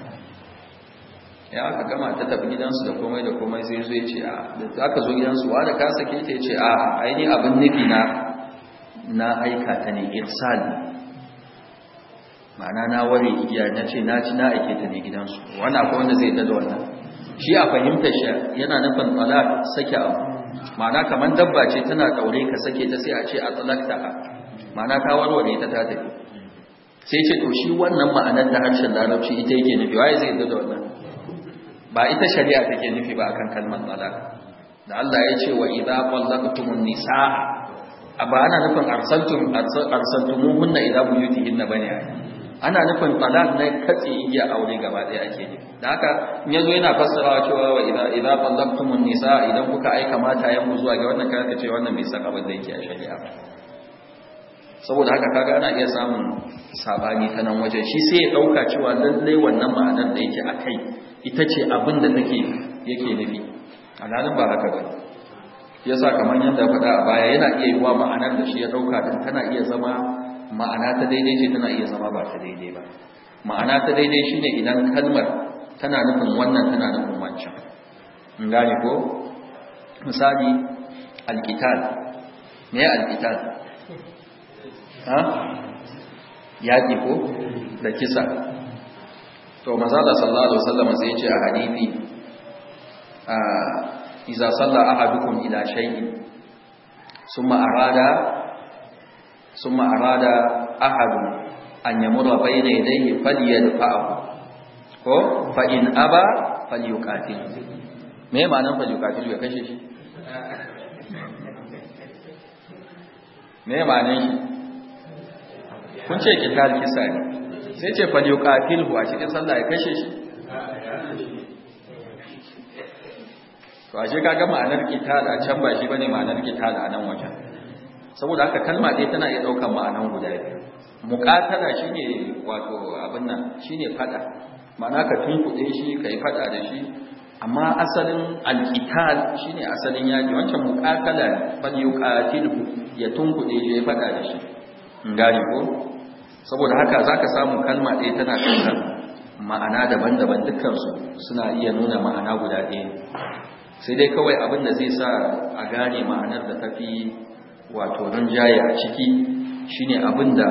ya aka gama ta tafi gidansu da komai da komai zai zo ya ce a da aka zo gidansu wa da ka sake ta ce a aini abin nufi na na aika ta ne irsal ma'ana na ware igiya na ce na ci na aike ta ne gidansu wana akwai wanda zai dada wannan shi a fahimtar shi yana nufin talak sake abu ma'ana kamar dabba ce tana daure ka sake ta sai a ce a talakta ma'ana ta warware ta ta tafi sai ce to shi wannan ma'anar ta harshen larabci ita yake nufi waye zai dada wannan ba ita shari'a take nufi ba akan kalmar talaq da Allah ya ce wa idza qallabtumun nisaa aba ana nufin arsaltum arsaltumuhunna idza buyutihinna bane ana nufin talaq na katse iya aure gaba ɗaya ake yi. da haka in yazo yana fassarawa cewa wa idza idza qallabtumun nisaa idan kuka aika mata yanku zuwa ga wannan kaga ce wannan bai saka ba da yake a shari'a saboda haka kaga ana iya samun sabani ta nan wajen shi sai ya dauka cewa lallai wannan ma'anar da yake akai ita ce abin da take yake nufi alhalin ba haka ba sa kamar yadda faɗa a baya yana iya wa ma'anar da shi ya ɗauka din tana iya zama ma'ana ta daidai ce tana iya zama ba ta daidai ba ma'ana ta daidai shi ne idan kalmar tana nufin wannan tana nufin wancan in gane ko misali alkital me alkital yaƙi ko da kisa to da sallallahu alaihi wasallam sai ce a hadisi a iza salla ahadukum ila shay'in summa arada summa arada ahadun an yamura bayna yadayhi falyadfa'u ko fa in aba falyuqatil me ma'anar falyuqatil ya kashe shi me ma'anar shi kun ce kitab kisa ne sai ce fa yuqatilhu a cikin sallah ya kashe shi to a shi kaga ma'anar qital a can ba shi bane ma'anar qital a nan wajen saboda haka kalma dai tana iya daukar ma'anar guda biyu muqatala shine wato abin nan shine fada ma'ana ka tunkuɗe shi kai fada da shi amma asalin alqital shine asalin yaki wancan muqatala fa yuqatilhu ya tunkuɗe shi ya fada da shi ngari ko saboda haka za ka samu kalma ɗaya tana ƙasar, ma'ana daban-daban dukansu suna iya nuna ma'ana guda ɗaya sai dai kawai abin da zai sa a gane ma'anar da tafi wato rinjaye a ciki shine abin da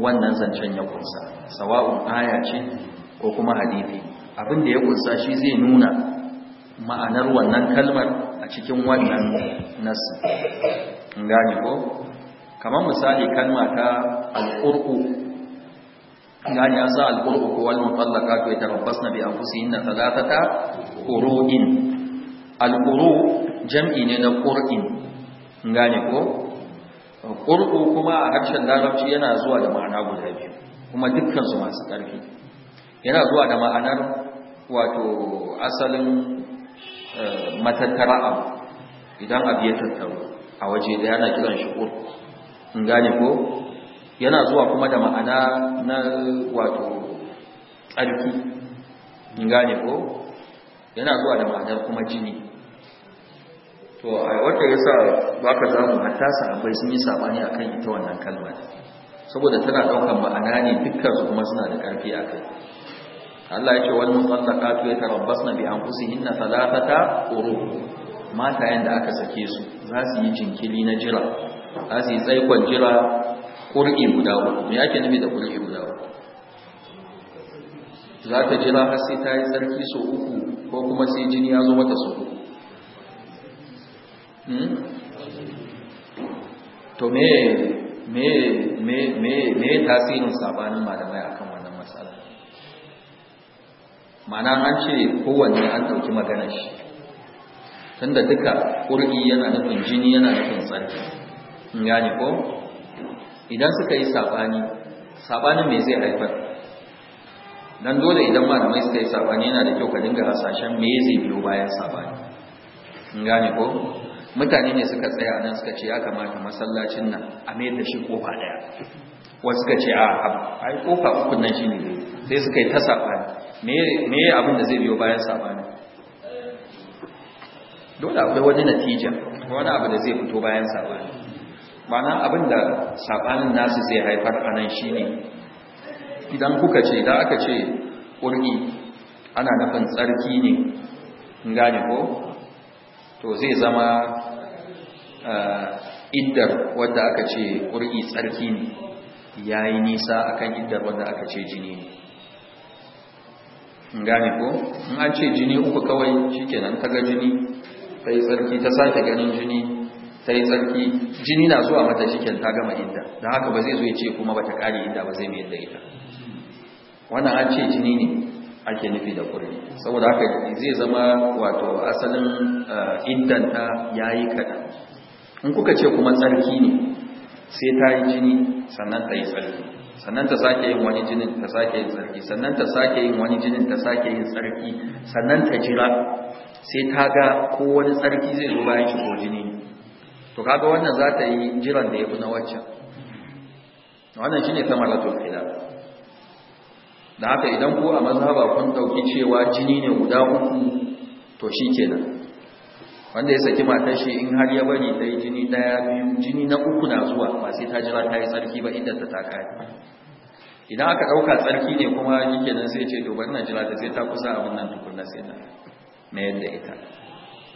wannan zancen ya kunsa sawa'un aya ce ko kuma hadithi abin da ya kunsa shi zai nuna ma'anar wannan kalmar a cikin wannan nasu gane ko kamar misali kalma ta al'urku gani an sa alƙur'u ko wal mutallaqatu yatarabbasna bi anfusihinna thalathata qurun Alƙuru jam'i ne na qur'in gane ko qur'u kuma a harshen larabci yana zuwa da ma'ana guda biyu kuma dukkan su masu ƙarfi yana zuwa da ma'anar wato asalin eh, matattara abu idan abu ya tattaru a waje da yana kiran shi qur'u gane ko yana zuwa kuma da ma'ana na wato tsarki gane ko yana zuwa da ma'anar kuma jini to a wata yasa baka zamu hatta sahabbai sun yi sabani akan ita wannan kalmar saboda tana ɗaukar ma'ana ne dukkan su kuma suna da karfi kai. Allah ya ce wal mutallaqatu yatarabbasna bi anfusihinna thalathata quru mata yanda aka sake su za su yi jinkiri na jira za su yi tsaikon jira ƙur'i guda uku me ake nufi da ƙur'i guda uku za ta jira har sai ta yi tsarki sau uku ko kuma sai jini ya zo mata so uku hmm? to me me me me me tasirin sabanin malamai akan wannan matsala Mana an ce kowanne an ɗauki maganar shi tunda duka ƙuri'i yana nufin jini yana nufin tsarki in gane ko idan suka yi sabani sabanin me zai haifar Don dole idan malamai suka yi sabani yana da kyau ka dinga hasashen me zai biyo bayan sabani in gane ko mutane ne suka tsaya nan suka ce ya kamata masallacin nan a mai da shi kofa daya wasu suka ce a ai kofa uku nan ne sai suka yi ta sabani me yi abin da zai biyo bayan sabani dole akwai wani natija wani abu da zai fito bayan sabani mana abin da saɓanin nasu zai haifar a nan shi ne idan kuka ce da aka ce ƙurgi ana nufin tsarki ne gane ko to zai zama eh, iddar wadda aka ce ƙurgi tsarki ne ya yi nisa akan iddar wadda aka ce jini ne gane ko in an ce jini uku kawai shi kenan ta ga jini ta yi tsarki ta sake ganin jini sai sarki tsarki jini na zuwa mata cikin ta gama inda don haka ba zai zo ya ce kuma ba ta kari inda ba zai mayar da ita wannan an ce jini ne ake nufi da ƙurni saboda haka zai zama wato asalin eh, inda ta ya yi kaɗan in kuka ce kuma tsarki ne sai ta yi jini sannan ta yi tsarki sannan ta sake yin wani jinin ta sake yin tsarki sannan ta sake yin wani jinin ta sake yin tsarki sannan ta jira sai ta ga ko wani tsarki zai zo bayan shi ko jini to kaga wannan za ta yi jiran da ya fi na waccan wannan shine samaratul khilaf da haka idan ko a mazhaba kun dauki cewa jini ne guda uku to shikenan wanda ya saki matar shi in har ya bari ta yi jini daya biyu jini na uku na zuwa ba sai ta jira ta yi tsarki ba inda ta taka idan aka dauka tsarki ne kuma yake nan sai ce to na jira ta sai ta kusa abin nan tukunna sai na me yadda ita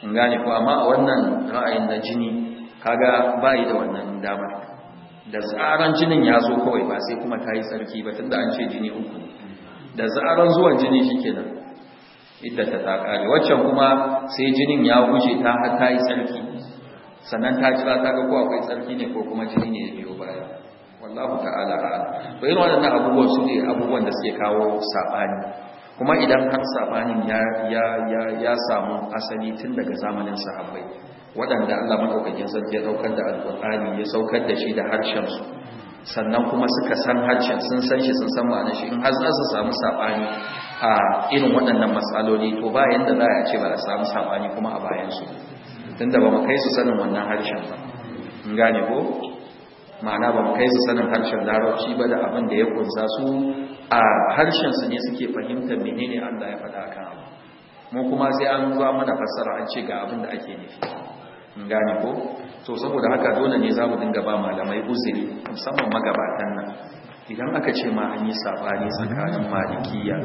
in gane ko amma a wannan ra'ayin na jini kaga yi da wannan dama da tsaran jinin ya zo kawai ba sai kuma ta yi tsarki ba tun da an ce jini uku da tsaran zuwan jini shikenan idda ta ta kare waccan kuma sai jinin ya guje ta har ta yi tsarki sannan ta jira ta ga ko akwai tsarki ne ko kuma jini ne ya biyo baya wallahu ta'ala a'lam to irin waɗannan abubuwan su ne abubuwan da suke kawo sabani kuma idan har sabanin ya ya ya samu asali tun daga zamanin sahabbai waɗanda Allah maɗaukakin sarki ya ɗaukar da alƙur'ani ya saukar da shi da harshensu sannan kuma suka san harshen sun san shi sun san ma'anar shi in har za su samu saɓani a irin waɗannan matsaloli to ba yanda za a ce ba a samu saɓani kuma a bayansu tunda ba mu kai su sanin wannan harshen ba in gane ko ma'ana ba mu kai su sanin harshen larabci ba da abin da ya kunsa su a harshen su ne suke fahimtar menene Allah ya faɗa kan abu mu kuma sai an zo mana fassara an ce ga abin da ake nufi gani ko to saboda haka dole ne za mu dinga ba malamai uzuri musamman magabatan nan idan aka ce ma an yi sabani tsakanin malikiya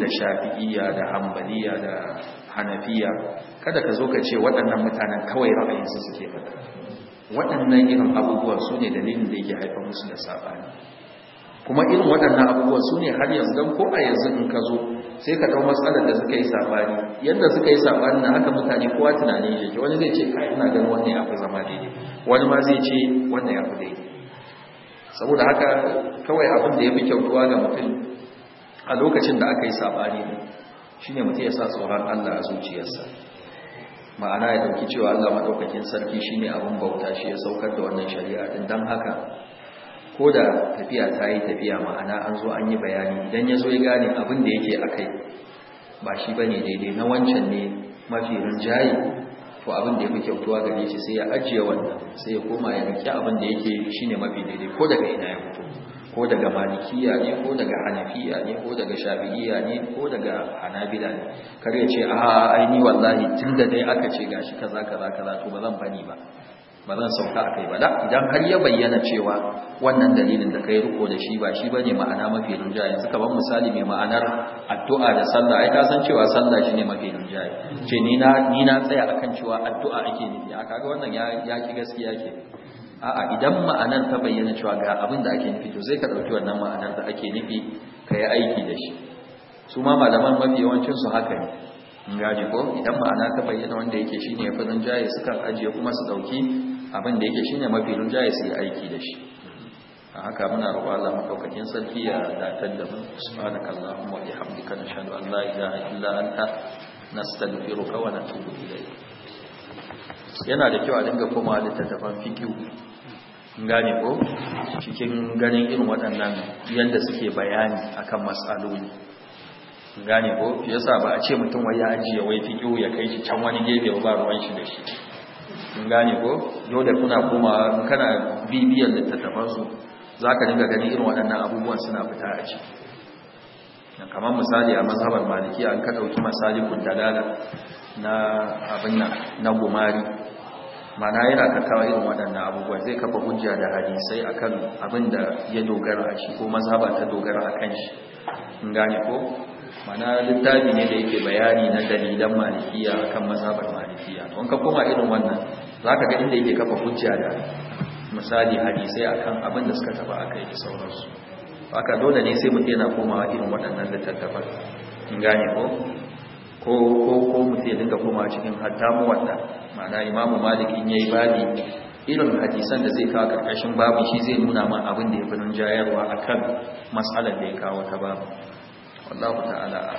da shafi'iya da hanbaliya da hanafiya kada ka zo ka ce waɗannan mutanen kawai ra'ayinsu suke fata waɗannan irin abubuwa su ne dalilin da yake haifar musu da sabani kuma irin waɗannan abubuwa su ne har yanzu don ko a yanzu in ka zo sai ka dau matsalar da suka yi sabani yadda suka yi sabani na haka mutane kowa tunanin shi ke wani zai ce kai ina ganin wannan ya fi zama daidai wani ma zai ce wannan ya fi daidai saboda haka kawai abin da ya fi kyautuwa ga mutum a lokacin da aka yi sabani ne shine mutum ya sa tsoron Allah a zuciyarsa ma'ana ya dauki cewa Allah madaukakin sarki shine abin bauta shi ya saukar da wannan shari'a din dan haka ko da tafiya ta yi tafiya ma'ana an zo an yi bayani idan ya zo ya gane abin da yake a kai ba shi ba ne daidai na wancan ne mafi rinjaye to abin da ya fi kyautuwa gare shi sai ya ajiye wannan sai ya koma ya rike abin da yake shi ne mafi daidai ko daga ina ya fito ko daga malikiya ne ko daga hanafiya ne ko daga shafi'iya ne ko daga hanabila ne kar ya ce a ni wallahi tun da dai aka ce gashi kaza kaza kaza to ba zan bani ba ba zan sauka a kai ba da idan har ya bayyana cewa wannan dalilin da kai riko da shi ba shi ba ne ma'ana mafi rinjaye yanzu ban misali mai ma'anar addu'a da sallah ai ka san cewa sallah shi ne mafi rinjaye ce ni na ni na tsaya akan cewa addu'a ake nufi a kaga wannan ya ya ki gaskiya ke a'a idan ma'anar ta bayyana cewa ga abin da ake nufi to zai ka dauki wannan ma'anar da ake nufi ka yi aiki da shi su ma malaman mafi yawancin su haka ne gane ko idan ma'ana ta bayyana wanda yake shine ya fi rinjaye sukan ajiye kuma su dauki abin da yake shine mafi rinjaye su yi aiki da shi a haka muna roƙon Allah madaukakin sarki ya datar da mu subhanaka allahumma wa bihamdika nashhadu an la ilaha illa anta nastaghfiruka wa natubu ilayk yana da kyau a dinga komawa littattafan fikihu gane ko cikin ganin irin waɗannan yadda suke bayani akan matsaloli gane ko yasa ba a ce mutum wai ya ajiye wai fiƙo ya kai shi can wani gefe ba ruwan shi da shi in gane ko dole kuna kuma kana bibiyar littattafansu za ka dinga gani irin waɗannan abubuwan suna fita a ciki kamar misali a mazhabar maliki an ka ɗauki masalikun kundalala na abin nan na gumari mana yana kakawa irin waɗannan abubuwan zai kafa hujja da hadisai akan abin da ya dogara a shi ko mazhabar ta dogara a kan shi in gane ko mana littafi ne da yake bayani na dalilan malikiya akan mazhabar malikiya wanka kuma irin wannan za ka ga inda yake kafa hujja da misali hadisai akan abin da suka taba aka yi sauransu haka dole ne sai mutum yana komawa irin waɗannan littattafan in gane ko ko ko ko mutum ya dinga komawa cikin hatta mu wanda ma'ana imamu malik in yayi bani irin hadisan da zai kawo karkashin babu shi zai nuna ma abin da ya fi nan jayarwa akan matsalar da ya kawo ta babu wallahu ta'ala